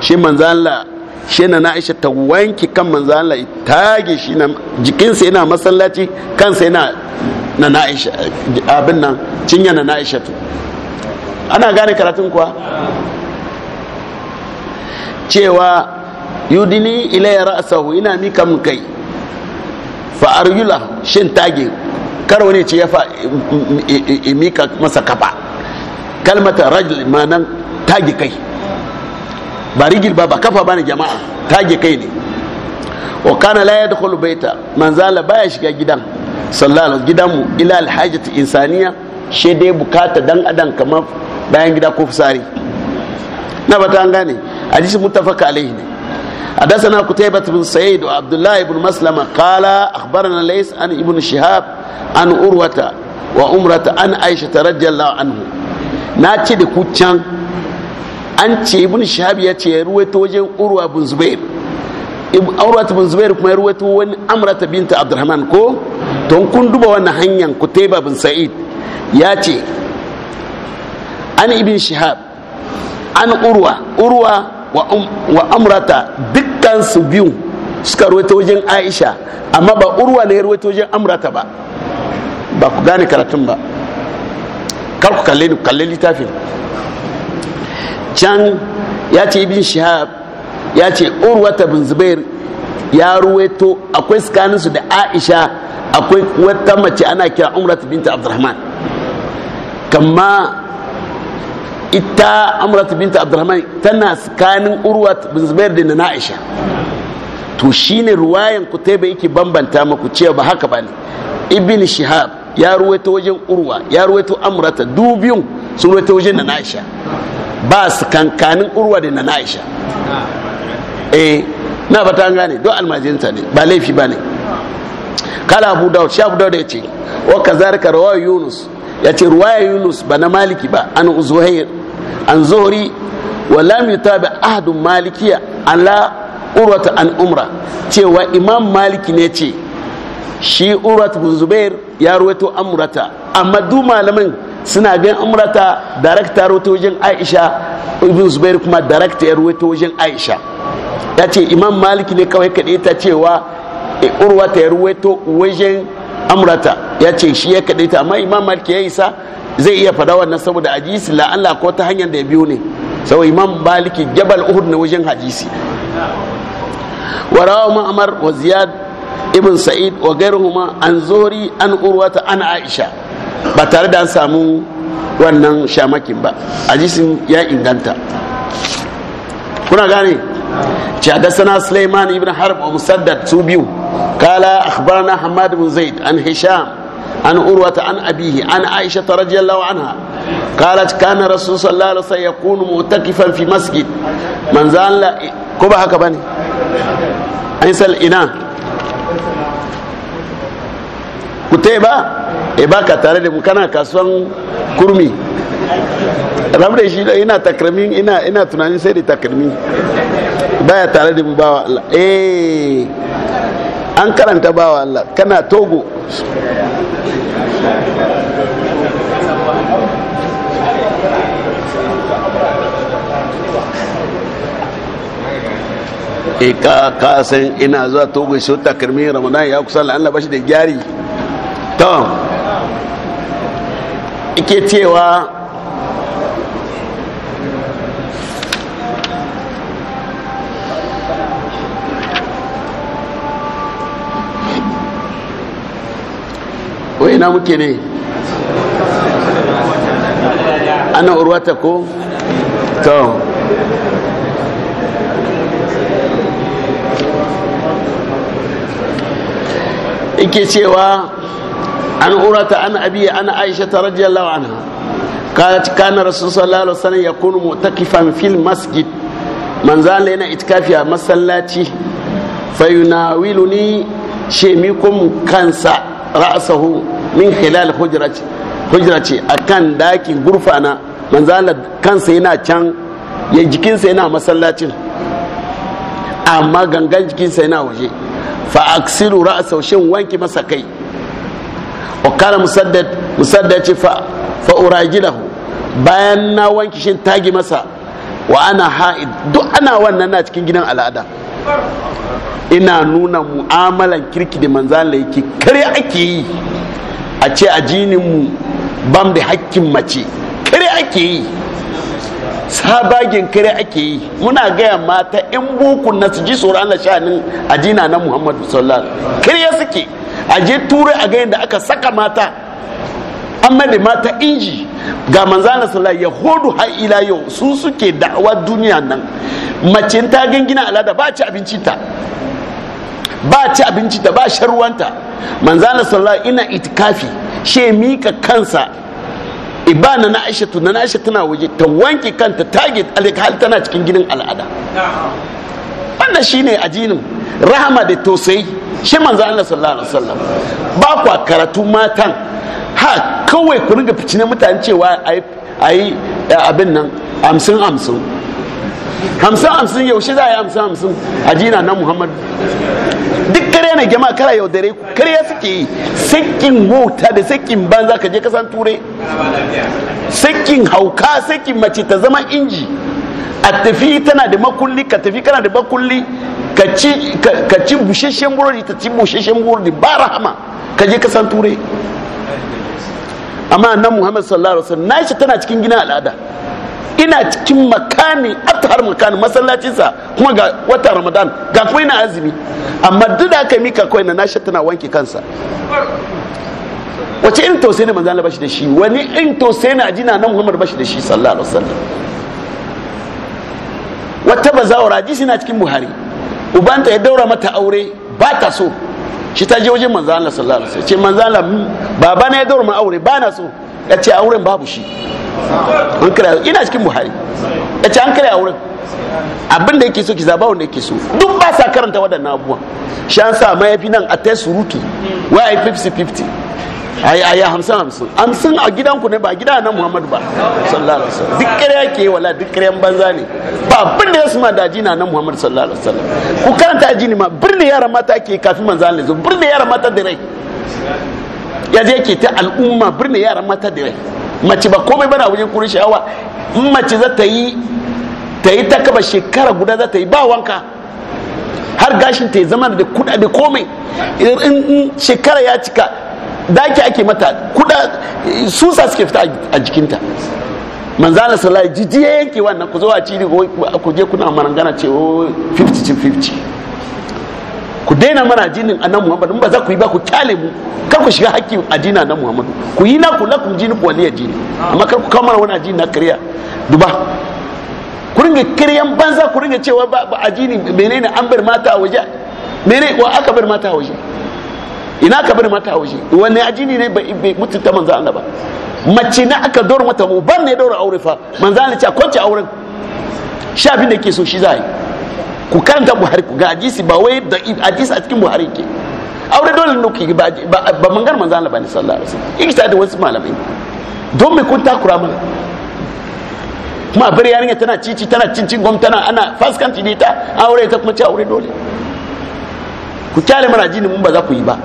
shi manzala shi na na'isha ta wanki kan manzala tage shi na jikinsa yana masallaci kansa yana na na'isha abin nan cinya na na'isha tu ana gane karatun kuwa cewa yudini ilayya ra'sahu ina mika mun kai fa arjula shin tage karo ne ce ya fa mika masa kafa kalmata rajul nan. tagi kai ba rigil ba ba kafa bane jama'a tagi kai ne wa kana la yadkhulu baita manzala baya shiga gidan sallallahu alaihi gidanmu ila hajati insaniya she dai bukata dan adam kamar bayan gida ko fusari na bata an gane hadisi muttafaq alaihi ne حدثنا قتيبة بن سعيد وعبد الله بن مسلمة قال أخبرنا ليس عن ابن شهاب عن أروة وعمرة عن عائشة رضي الله عنه ناتي kucan an ce ibn shahab ya ce ya ruwaito wajen urwa bin zubair urwa bin zubair kuma ya ruwaito wani amrata binta abdurrahman ko don kun duba wannan hanyar ku taiba bin sa'id ya ce an ibn shahab an urwa urwa wa um- ta dukkan su biyu suka ruwaita wajen aisha amma ba urwa ne ya ruwaita wajen ta ba ba ku gane karatun ba kar ku kalle ni kalle littafin can ya ce ibin shahab ya ce urwata bin zubair ya ruwaito akwai tsakaninsu da aisha akwai wata mace ana kira umrat binta abdurrahman kama ita umrat binta abdurrahman tana tsakanin urwata bin zubair da na aisha to shine ruwayan ku bai yake bambanta maku cewa ba haka ba ne ibn shihab ya ruwaito wajen urwa ya ruwaito amrata dubiyun sun ruwaito wajen na aisha ba su kankanin urwa da na aisha eh na ba ta gane don almajinta ne ba laifi ba ne kala abu daud shi abu daud ya ce wa ka rawaya yunus ya ce ruwaya yunus ba na maliki ba an zuhair an zuhri wa lam yutabi ahadun malikiya ala urwata an umra cewa imam maliki ne ce shi urwat bin zubair ya ruwaito amurata amma du malamin suna bin amurata darakta rawaito wajen aisha ibn zubair kuma darakta ya wajen aisha ya ce imam maliki ne kawai kaɗe ta cewa eh, ta ya rawaito wajen Amurata. ya ce shi ya kaɗe ta amma imam maliki ya isa zai iya fada wannan saboda hadisi la Allah ko ta hanyar da ya biyo ne sau imam maliki jabal uhud na wajen hadisi wa rawa ma'amar wa ziyad ibn sa'id wa gairuhuma an zori an urwata an aisha ba tare da an samu wannan shamakin ba hadisin ya inganta kuna gane ce hadasana Suleiman ibn Harb wa Musaddad su biyu kala akhbarana Hamad bin Zaid an Hisham an Urwata an abihi an Aisha radhiyallahu anha قالت كان رسول صلى الله عليه وسلم يكون معتكفا في مسجد من زال ba haka bane an ina kutai ba e ba ka tare da mu kana kasuwan kurmi rabu da shi ina takrami ina ina tunanin sai da takrami baya tare da mu bawa Allah eh an karanta bawa Allah kana togo e ka ka san ina zuwa togo shi karmi ramadan ya kusa Allah shi da gyari to ike cewa wai na muke ne ana urwata ko? to ike cewa an urata an abi ana aisha ta radiyallahu anha qalat kana rasul sallallahu alaihi wasallam yakunu mutakifan fil masjid manzan la yana itikafi a masallaci fayunawiluni shemikum kansa ra'sahu min khilal hujrati hujrati akan daki gurfana manzan kansa yana can ya jikinsa yana masallacin amma gangan jikinsa yana waje fa aksiru ra'sahu shin wanki masa kai wakala kana musaddad musaddad ce fa fa bayan na wanki shi tagi masa wa ana ha'id duk ana wannan na cikin gidan al'ada ina nuna mu'amalan kirki da manzala yake kare ake yi a ce a jinin mu bam da hakkin mace kare ake yi sabagin kare ake yi muna gaya mata in bukun na su ji tsoron lashanin sha'anin ajina na Muhammadu sallallahu alaihi wasallam kare suke a je turai a ga da aka saka mata an da mata inji ga manzana sallah ya hudu har ila yau su suke da'awa duniya nan mace ta gangina alada ba ci abinci ta ba ci abinci ta ba sharuwanta manzana sallah ina itikafi she mika kansa ibana na aisha na aisha tana waje ta wanke kanta target alhal tana cikin ginin al'ada wannan shine ajinin rahama da tausayi shi manzo Allah sallallahu alaihi wasallam ba kwa karatu matan ha kawai ku ringa ficine mutane cewa ayi abin nan hamsin hamsin hamsin hamsin yaushe za a yi hamsin hamsin a jina na muhammad duk kare na gama kara dare ku kare suke yi sakin wuta da sakin banza ka je kasan ture sakin hauka sakin mace ta zama inji a tafi tana da makulli ka tafi kana da makulli ka ci busheshen burodi ta ci busheshen burodi ba rahama ka je kasan ture. amma nan muhammad sallallahu alaihi wasallam nashi tana cikin gina al'ada ina cikin makani har makani sa kuma ga wata ramadan ga kuma ina azumi amma duk da aka mika kawai na nashi tana wanke kansa wace in tausayi ne manzo Allah bashi da shi wani irin tausayi ne jina nan Muhammad bashi da shi sallallahu alaihi wasallam wata bazawara ji na cikin buhari ubanta ya daura mata aure ba ta so shi ta je wajen manzan Allah sallallahu alaihi wasallam ce manzan Allah baba na ya daura ma aure ba na so ya ce auren babu shi an kira ina cikin buhari ya ce an kira auren abin da yake so ki zaba wanda yake so duk ba sa karanta waɗannan abubuwan shi an sa mayafi nan a tai surutu wai ai 50 50 ayi ai hamsin hamsin hamsin a gidanku ne ba gida nan muhammadu ba sallallahu alaihi wasallam duk ƙarya ke wala duk ƙaryan banza ne ba abin da ya suma da ajina nan muhammadu sallallahu alaihi wasallam ku karanta ajini ma birni yara mata ke kafin manzan Allah zo birni yara mata da rai ya je ke ta al'umma birni yara mata da rai mace ba komai bana wajen kurin sha'awa in mace za ta yi ta yi ta kaba shekara guda za ta yi ba wanka har gashin ta zama da da komai in shekara ya cika daki ake mata kuda susa suke fita a jikinta manzana salai jijiye yanke wannan ku zo a ciri ku je kuna marangana ce 50 50 ku daina mana addinin annan muhammadu ba za ku yi ba ku kyale mu kar ku shiga a jina annan muhammadu ku yi na ku ku jini ku waliyar jini amma kan ku kamar wani jini na kariya duba ku ringa kiryan banza ku ringa cewa ba addini menene an bar mata a waje menene wa aka bar mata a waje ina ka bari mata haushi wani ajini ne bai mutunta manzo Allah ba mace na aka dora mata mu ban ne dora aure fa manzo Allah ce kwance auren sha bin da ke so shi za ku karanta buhari ku ga hadisi ba wai da hadisi a cikin buhari ke aure dole ne ku ba ba mangar manzo Allah bane sallallahu alaihi wasallam ikita da wasu malamai don me kun takura mana kuma bari yarinya tana cici tana cincin gwam tana ana faskanci ne ta aure ta kuma ce aure dole ku kyale mana jini mun ba za ku yi ba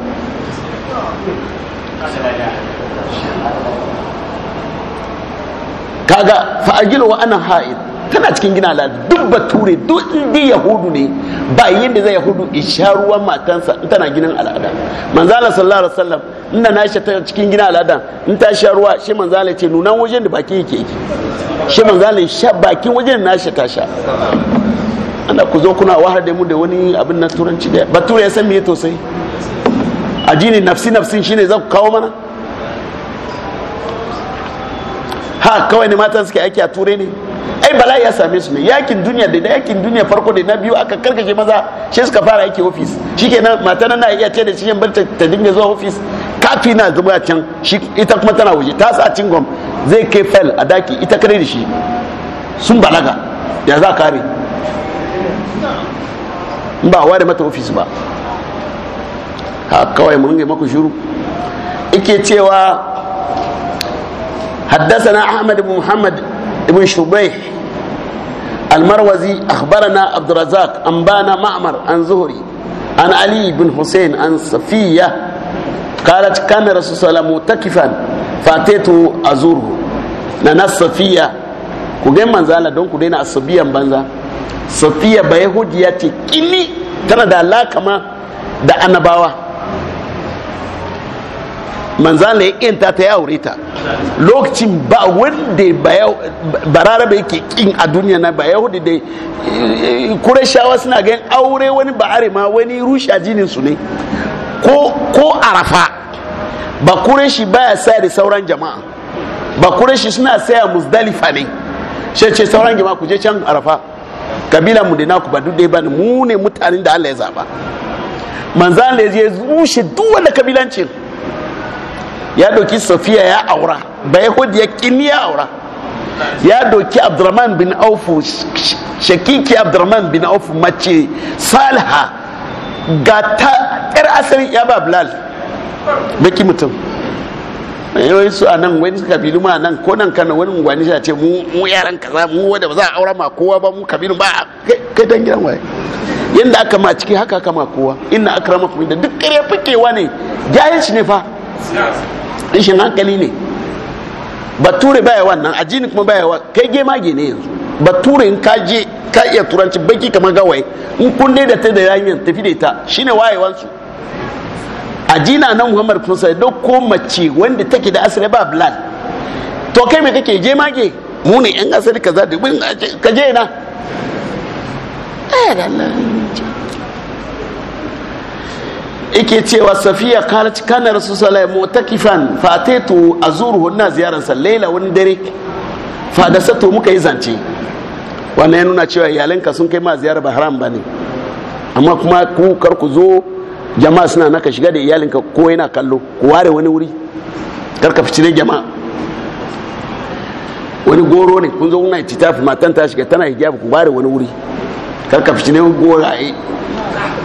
kaga fa'ajilu wa anan ha'id tana cikin gina la duk bature duk indi yahudu ne ba yadda zai yahudu isha ruwan matansa in tana ginin al'ada manzala sallallahu alaihi wasallam inda na shi ta cikin gina al'ada in ta sha ruwa shi manzala ce nunan wajen da baki yake yake shi manzala sha bakin wajen na shi ta sha ana ku zo kuna wahar da mu da wani abin na turanci da bature ya san me to sai ajini nafsi nafsin shine za ku kawo mana ha kawai ne matan suke aiki a turai ne ai bala ya same su ne yakin duniya da yakin duniya farko da na biyu aka karkashe maza shi suka fara aiki ofis shikenan matan na iya ce da shi bar ta dinga zuwa ofis kafi na zuba can shi ita kuma tana waje ta sa cingom zai kai fel a daki ita kare da shi sun balaga ya za kare ba ware mata ofis ba kawai mun yi maku shuru ike cewa haddasa ahmad ibn muhammad ibn shubai almarwazi akhbarana abdurazak an bana ma'amar an Zuhri, an ali ibn hussein an safiya kalat kamar su salamu takifan fatetu a na na safiya ku gan manzala don ku daina asabiyan banza safiya ba yahudiya ce kini tana da ma da annabawa manzan da ya yanta ta ya aure ta lokacin ba wanda barara bai ke kin a duniya na ba yahudi da kurashawa suna ganin aure wani ba'are ma wani rusha jinin su ne ko arafa ba baya saya da sauran jama'a ba kureshi suna saya musdalifa ne shi ce sauran jama'a ku je can arafa kabila mu da naku ba duk ba mu ne mutanen da Allah ya zaba manzan da ya rushe duk wanda kabilancin ya doki sofiya ya aura ba yahudi ya kini ya aura ya doki abdurrahman bin aufu shakiki abdurrahman bin aufu mace salha ga ta yar asalin ya ba bilal baki mutum yawai eh, su a nan wani kabilu ma nan ko nan kana wani gwani shi ce mu yaran kaza mu wanda ba za a aura ma kowa ba mu kabilu ba kai dan gidan waye yanda aka ma ciki haka aka ma kowa inna akramakum da duk kare fikewa ne jahilci ne fa shi hankali ne bature baya wannan ajini kuma baya wa kai ge ma ne yanzu bature in ka je ka iya turanci baki kamar gawaye in kun da ta da yayin tafi da ita shine a ajina nan muhammad kun sai ko mace wanda take da asali ba blood to kai me kake je ge mu ne yan asali kaza da ka je na eh Allah yake cewa safiya kana rasul sallallahu alaihi mutakifan fa ataitu azuruhu na ziyaran sa laila wani dare fa da sato muka yi zance wannan ya nuna cewa iyalanka sun kai ma ziyarar ba haram bane amma kuma ku kar ku zo jama'a suna naka shiga da iyalinka ko yana kallo ku ware wani wuri kar ka fice jama'a wani goro ne kun zo kuna titafi matan ta shiga tana hijabi ku ware wani wuri kar ka fice goraye eh.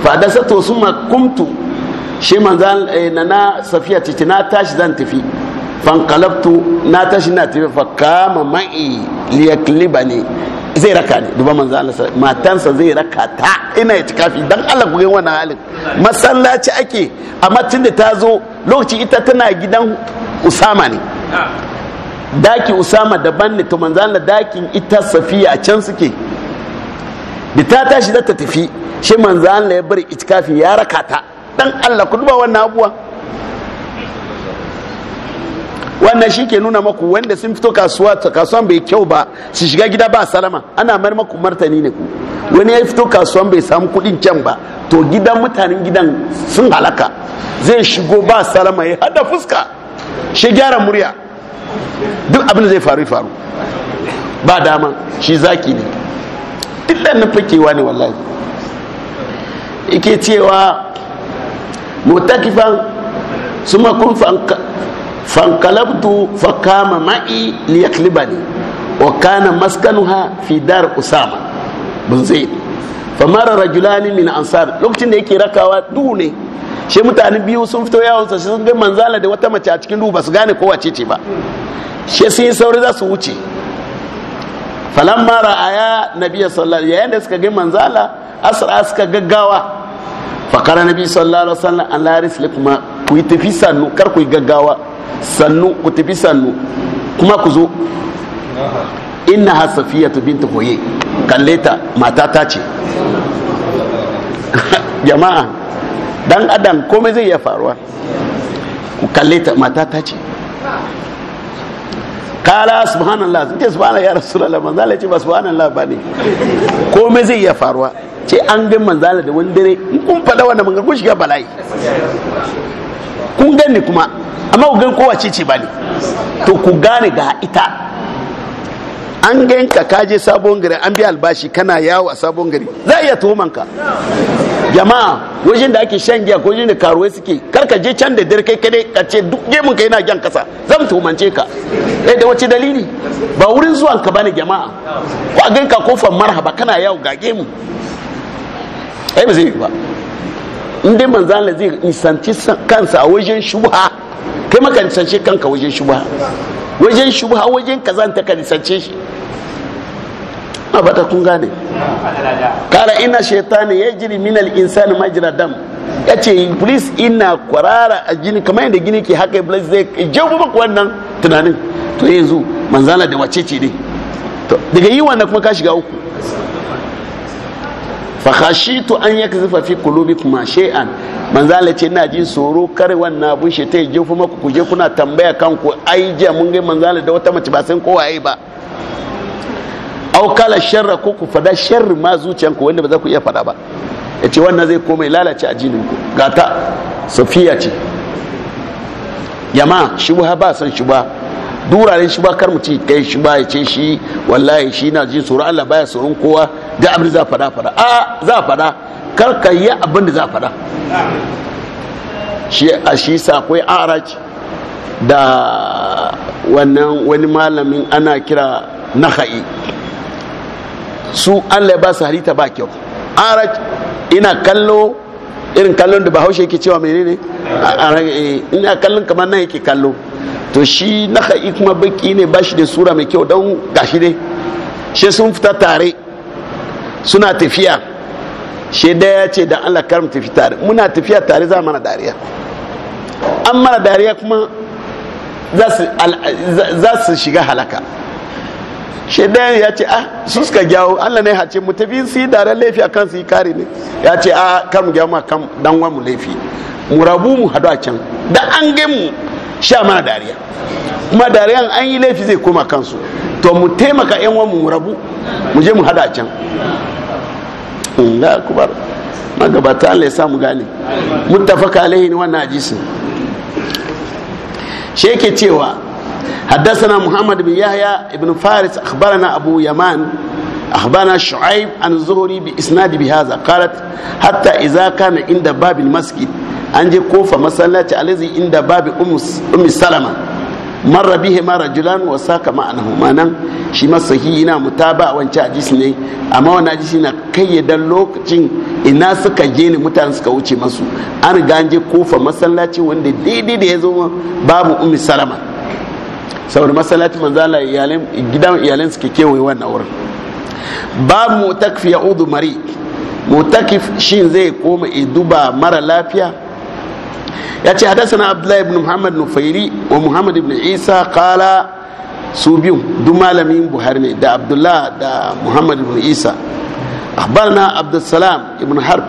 fa da sato ma kumtu shi manzan eh, na na safiya ce na tashi zan tafi fankalabtu na tashi na tafi fa kama ma'i liyakliba ne zai raka ne duba manzan Allah matansa zai raka ta ina ya tikafi dan Allah ku ga wannan halin masallaci ake amma tunda ta zo lokaci ita tana gidan Usama ne daki Usama daban ne to manzan Allah dakin ita safiya a can suke da ta tashi zata ta tafi shi manzan Allah ya bar itikafi ya raka ta dan Allah ku duba wannan abuwa wannan shi ke nuna maku wanda sun fito kasuwa kasuwan bai kyau ba su shiga gida ba salama ana mar maku martani ne ku wani ya fito kasuwan bai samu kudin can ba to gidan mutanen gidan sun halaka zai shigo ba salama ya hada fuska shi gyara murya duk abin zai faru faru ba dama shi zaki ne duk nan nufakewa ne wallahi yake cewa mutakifan suma kun fankalabtu fakama ma'i ne wa kana maskanuha fi dar usama bin zaid famara rajulani min ansar lokacin da yake rakawa duhu ne shi mutane biyu sun fito yawon sa sun gai manzala da wata mace a cikin duhu ba su gane ko wace ce ba shi yi sauri za su wuce falamma mara nabiyya sallallahu alaihi wasallam yayin da suka ga manzala asra suka gaggawa fakara nabi sallallahu alaihi wasallam an laris kuma ku yi tafi sannu kar ku yi gaggawa sannu ku tafi sannu kuma ku zo inna ha safiyatu Binta hoye kalle ta mata ta ce jama'a dan adam komai zai iya faruwa ku kalle ta mata ta ce kala subhanallah sun ce subhanallah ya rasulullah manzo Allah ya ce ba subhanallah ba ne komai zai iya faruwa ce an gan manzala da wani dare in kun faɗa wannan manga kun shiga bala'i kun gane kuma amma ku gan kowa ce ce ba to ku gane ga ita an gan ka je sabon gari an biya albashi kana yawo a sabon gari za iya tuhuman ka jama'a wajen da ake shan giya ko wajen da karuwai suke ka je can da dare kai kadai ka ce duk gemun ka yana gyan kasa zan tuhumance ka eh da wace dalili ba wurin zuwan ka bane jama'a ko a ka kofar marhaba kana yawo ga gemu ai ba zai yi ba in dai zai nisanci kansa a wajen shubha kai maka nisance kanka wajen shubha wajen shubha wajen kazanta ka nisance shi ba ta kun gane kara ina shaitani ya jiri min al-insani jira dam ya ce iblis ina kwarara a jini kamar yadda gini ke haka iblis zai jefu maka wannan tunanin to yanzu manzana da wace ce ne daga yi wannan kuma ka shiga uku fa khashitu an yakzifa fi qulubikum shay'an manzala ce ina jin tsoro kar wannan abun shi ta jefu maku ku je kuna tambaya kanku ai je mun ga manzala da wata mace ba san ko waye ba aw kala sharra ko ku fada sharri ma zuciyanku wanda ba za ku iya fada ba yace wannan zai komai lalace ajinin ku gata safiya ce yama shubha ba san shubha duraren shi ba kar mu ce kai shi ba ya ce shi wallahi shi na ji tsoron Allah baya tsoron kowa da abin za fada fada a za fada kar ka yi abin da za fada shi a shi sa akwai araci da wannan wani malamin ana kira naha'i su Allah ba su harita ba kyau araci ina kallo irin kallon da bahaushe yake cewa menene eh, ina kallon kamar nan yake kallo to shi naka'i kuma baki ne ba shi da sura mai kyau don gashi ne shi sun fita tare suna tafiya shi daya ce da allah kar mu tafi tare muna tafiya tare za mana dariya an mana dariya kuma za su shiga halaka shi daya ya ce ah su suka gyawo allah ne hace mu tafi su yi dare laifi a kan yi kare ne ya ce ah kan mu gyawo ma kan dan mu laifi mu rabu mu hadu a can da an gai mu sha mana dariya kuma dariyan an yi laifi zai koma kansu to mu taimaka yan wani mu rabu mu je mu hada can Allah kubar magabata Allah ya sa mu gane muttafaka alaihi ne wannan hadisin shi yake cewa حدثنا محمد بن يحيى ابن فارس اخبرنا ابو يمان أخبرنا شعيب عن الزهري بإسناد بهذا قالت حتى إذا كان عند باب المسجد an je kofa masallaci alazi inda babu umu salama marra bihi ma rajulan wa saka ma'anahu manan shi ma sahihi na mutaba wancan hadisi ne amma wannan hadisi na dan lokacin ina suka je ne mutane suka wuce masu an riga an je kofa masallaci wanda daidai da ya zo babu umu salama saboda masallaci manzala iyalan gidan iyalan suke kewaye wannan wurin babu mutakfi ya udu mari mutakif shin zai koma duba mara lafiya Yace ce hadasana abdullahi ibn muhammad nufairi wa muhammad ibn isa kala su biyu du malamin buhari ne da abdullah da muhammad ibn isa akhbarna abdussalam ibn harb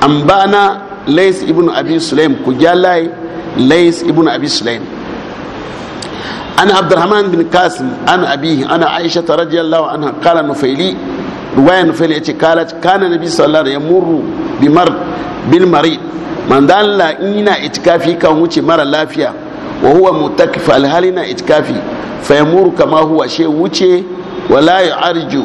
ambana lais ibn abi sulaim ku jallai lais ibn abi sulaim أنا عبد الرحمن بن قاسم أنا أبيه أنا عائشة رضي الله عنها قال نفيلي رواية نفيلي قالت كان النبي صلى الله عليه وسلم يمر بمر بالمريض manzan Allah in yana itikafi kan wuce mara lafiya wa huwa mutakif alhali na itikafi fa yamuru kama huwa she wuce wala ya arju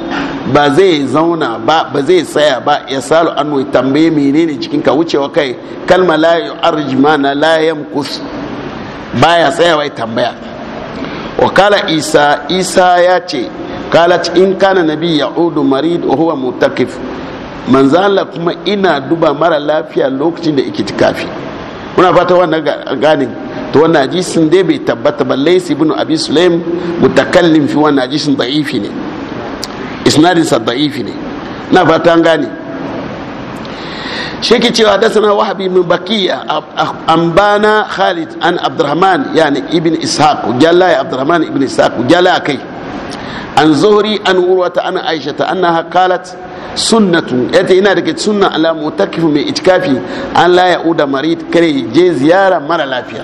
ba zai zauna ba ba zai tsaya ba ya salu an wai tambaye menene cikin ka wucewa kai kalma la ya mana la yamkus baya tsayawa tambaya wa kala isa isa ya ce kalat in kana nabi ya'udu marid wa huwa mutakif manzala kuma ina duba mara lafiya lokacin da itikafi muna fata wannan ganin to wannan hadisin dai bai tabbata ba lays ibn abi sulaim mutakallim fi wannan hadisin da'ifi ne isnadin sa da'ifi ne na fata an gane shi ke cewa da sana wahabi min bakiya ambana khalid an abdurrahman yani ibn ishaq jalla abdurrahman ibn ishaq jalla kai an zuhri an urwata an aishata annaha qalat sunnatu yata ina daga sunna ala mutakifu mai itikafi an la uda marid kare je ziyara mara lafiya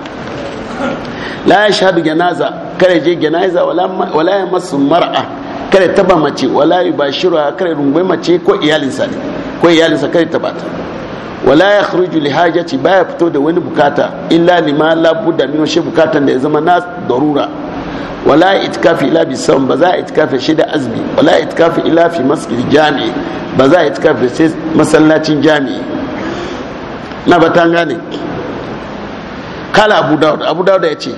la yashhadu janaza kare je janaza wala wala yamassu mar'a kare taba mace wala yubashiru kare rungume mace ko iyalinsa ko iyalinsa kare ta wala ya khruju li hajati baya fito da wani bukata illa lima la budda min shi bukatan da ya zama na darura ولا اتكاف الا بالصوم sam ba za a itikafi اتكاف الا في مسجد الجامع بزا اتكاف في ba za a itikafi masallacin jami'i na gane kala abu dawud abu dawud ya ce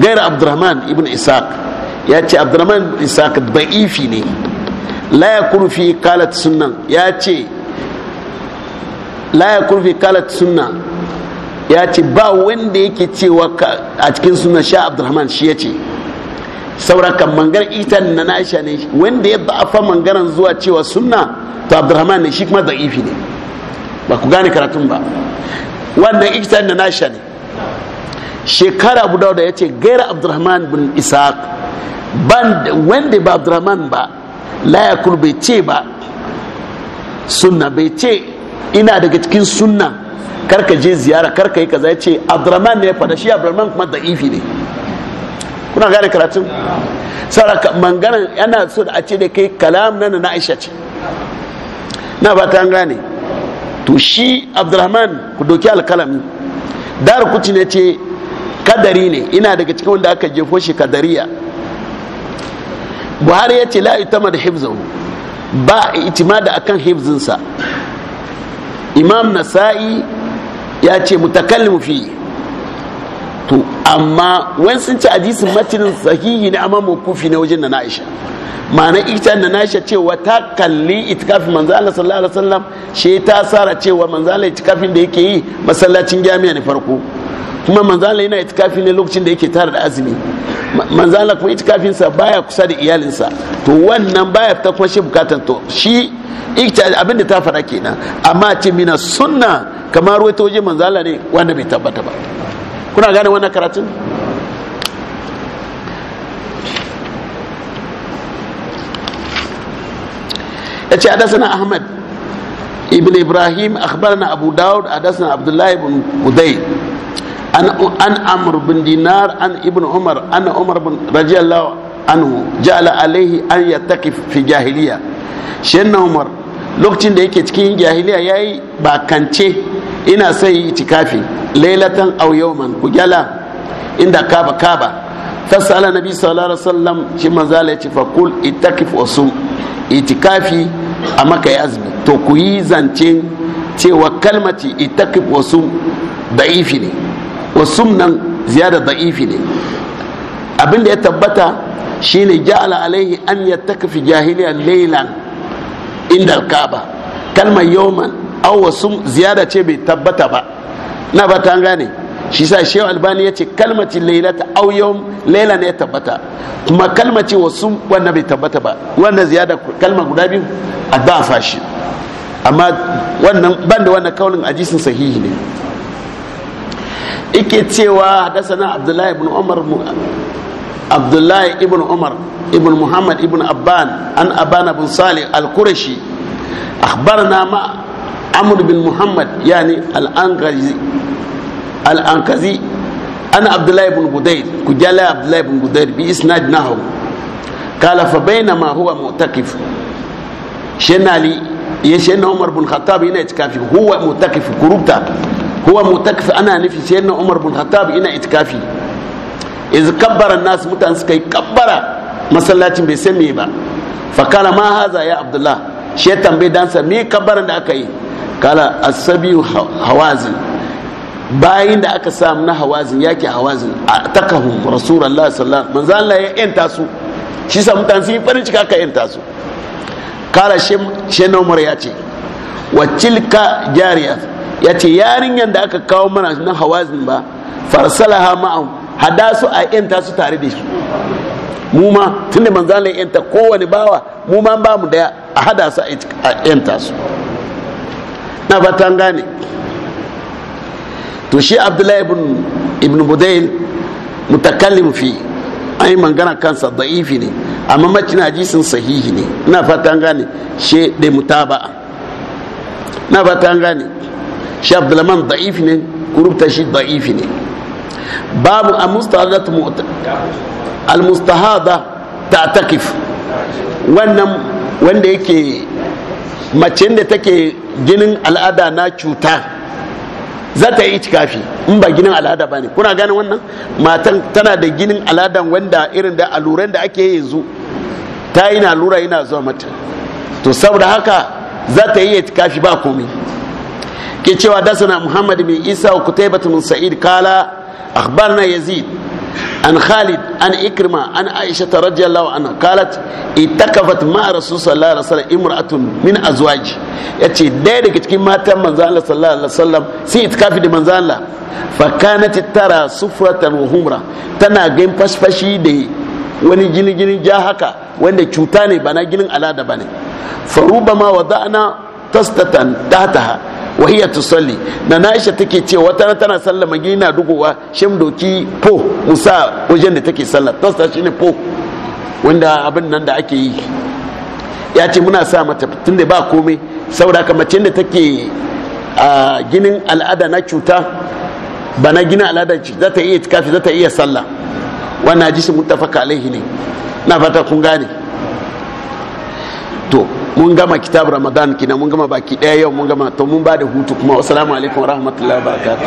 gaira abdurrahman ibn isaac ya ce abdurrahman ibn isaac da'ifi ne la kalat ya ce kalat sunna ya ce wanda yake cewa a cikin sunan sha abdurrahman shi ya ce kan mangar ita na nasha ne wanda ya da'afa mangaran zuwa cewa sunna to abdurrahman ne shi kuma da'ifi ne ba ku gane karatun ba wannan ita na nasha ne shekara abu dauda ya ce gaira abdurrahman bin isaac wanda ba abdurrahman ba layakul bai ce ba sunna bai ce ina daga cikin sunna karka je ziyara karka yi kaza ya ce abdurrahman ne ya fada shi abdurrahman kuma da'ifi ne kuna gane karatun saraka mangaran yana so da a ce da kai kalam na na aisha ce na ba ta gane to shi abdulrahman ku doki alkalami dar kuci ne ce kadari ne ina daga cikin wanda aka jefo shi kadariya buhari ya ce la'ayi yutama da hifzahu ba a akan hifzinsa imam nasa'i ya ce mutakallimu fi to amma wani sun ci hadisin matinin sahihi ne amma kufi ne wajen na Aisha ma'ana ita na Aisha cewa ta kalli itikafin manzo Allah sallallahu alaihi wasallam she ta sara cewa manzo Allah itikafin da yake yi masallacin jami'a ne farko kuma manzo Allah yana itikafi ne lokacin da yake tare da azumi manzo Allah kuma itikafin sa baya kusa da iyalinsa to wannan baya ta kuma shi bukatan to shi abin da ta faɗa kenan amma ce mina sunna kamar wata waje manzo Allah ne wanda bai tabbata ba kuna gane wannan karatun yace adasana ahmad ibn ibrahim akhbarana abu daud adasana abdullahi ibn uday an amur bin dinar an ibn umar an umar bin radiyallahu anhu jala alaihi an taƙi fi jahiliya na umar lokacin da yake cikin jahiliya yayi bakance ina sai itikafi lailatan aw yawman ku gyala inda kaba kaba fasala nabi sallallahu alaihi wasallam shi manzala ya ce fa kul itakif wasu itikafi a maka ya to ku yi zancen cewa kalmaci itakif wasu da'ifi ne wasu nan ziyada da'ifi ne abin da ya tabbata shine ja'ala alaihi an yattakafi jahiliya laylan inda kaba kalmar yawman aw wasu ziyada ce bai tabbata ba na ba ta gane shi sa shehu albani ya ce kalmaci lailata auyon laila ne ya tabbata kuma kalmaci wasu wannan bai tabbata ba wannan ziyada kalma guda biyu a ba fashi amma wannan ban da wannan kaunin ajisin sahihi ne ike cewa hadasana abdullahi ibn umar abdullahi ibn umar ibn muhammad ibn abban an abana bin salih al-qurashi akhbarna ma amur bin muhammad ya ana nufi shenna umar bin khattab ina itikafi iz kabbara suka yi kabbara masallacin bai san ba fa kala ma haza ya abdullah dansa me kabbaran da aka yi kala asabi hawazin bayin da aka samu na hawazin yake hawazin a takahun rasulallah sallallahu manzo Allah ya yanta su shi sa mutan sun yi farin ciki ka yanta su kala shi na umar ya ce wa tilka jariya ya ce yarinyan da aka kawo mana na hawazin ba farsalaha ma'am hada su a yanta su tare da shi mu ma tunda manzo Allah ya yanta kowane bawa mu ma ba mu da a hada su a yanta su na ba ta gane to shi abdullahi ibn ibn budail mutakallim fi ai magana kansa da'ifi ne amma macin hadisin sahihi ne ina fata gane shi da mutaba na fata gane shi abdullaman da'ifi ne kurubta shi da'ifi ne babu al-mustahada ta takif wannan wanda yake mace da take ginin al'ada na cuta za ta yi itikafi in ba ginin al'ada ba ne kuna gane wannan matan tana da ginin al'adan wanda irin da aluran da ake yi yanzu ta yi na lura yana zuwa mata to saboda haka za ta yi itikafi ba komai ke cewa dasana muhammad bin isa wa taibata min sa'id kala akhbarna yazid عن خالد عن إكرمة عن عائشة رضي الله عنها قالت اتكفت مع رسول صلى الله عليه وسلم امرأة من أزواج يأتي ديرك كما تم من الله صلى الله عليه وسلم سي اتكافي دي من الله فكانت ترى صفرة وهمرة تنا جيم فش فشي دي wani gini gini جاهكا haka wanda بنا ne على دباني ginin وضعنا تستتن تحتها wahiya salli na Aisha take cewa wata tana sallah magi na dugowa shem doki po musa wajen da take sallah tosta shine po wanda abin nan da ake yi ya ce muna sa mata tunda ba komai saboda haka mace da take a ginin al'ada na cuta ba na ginin al'ada za ta iya tikafi za ta iya sallah wannan hadisi muttafaq alaihi ne na fata kun gane to mun gama kitab ramadan kina mun gama baki daya yau mun gama to mun ba da hutu kuma assalamu alaikum warahmatullahi wabarakatuh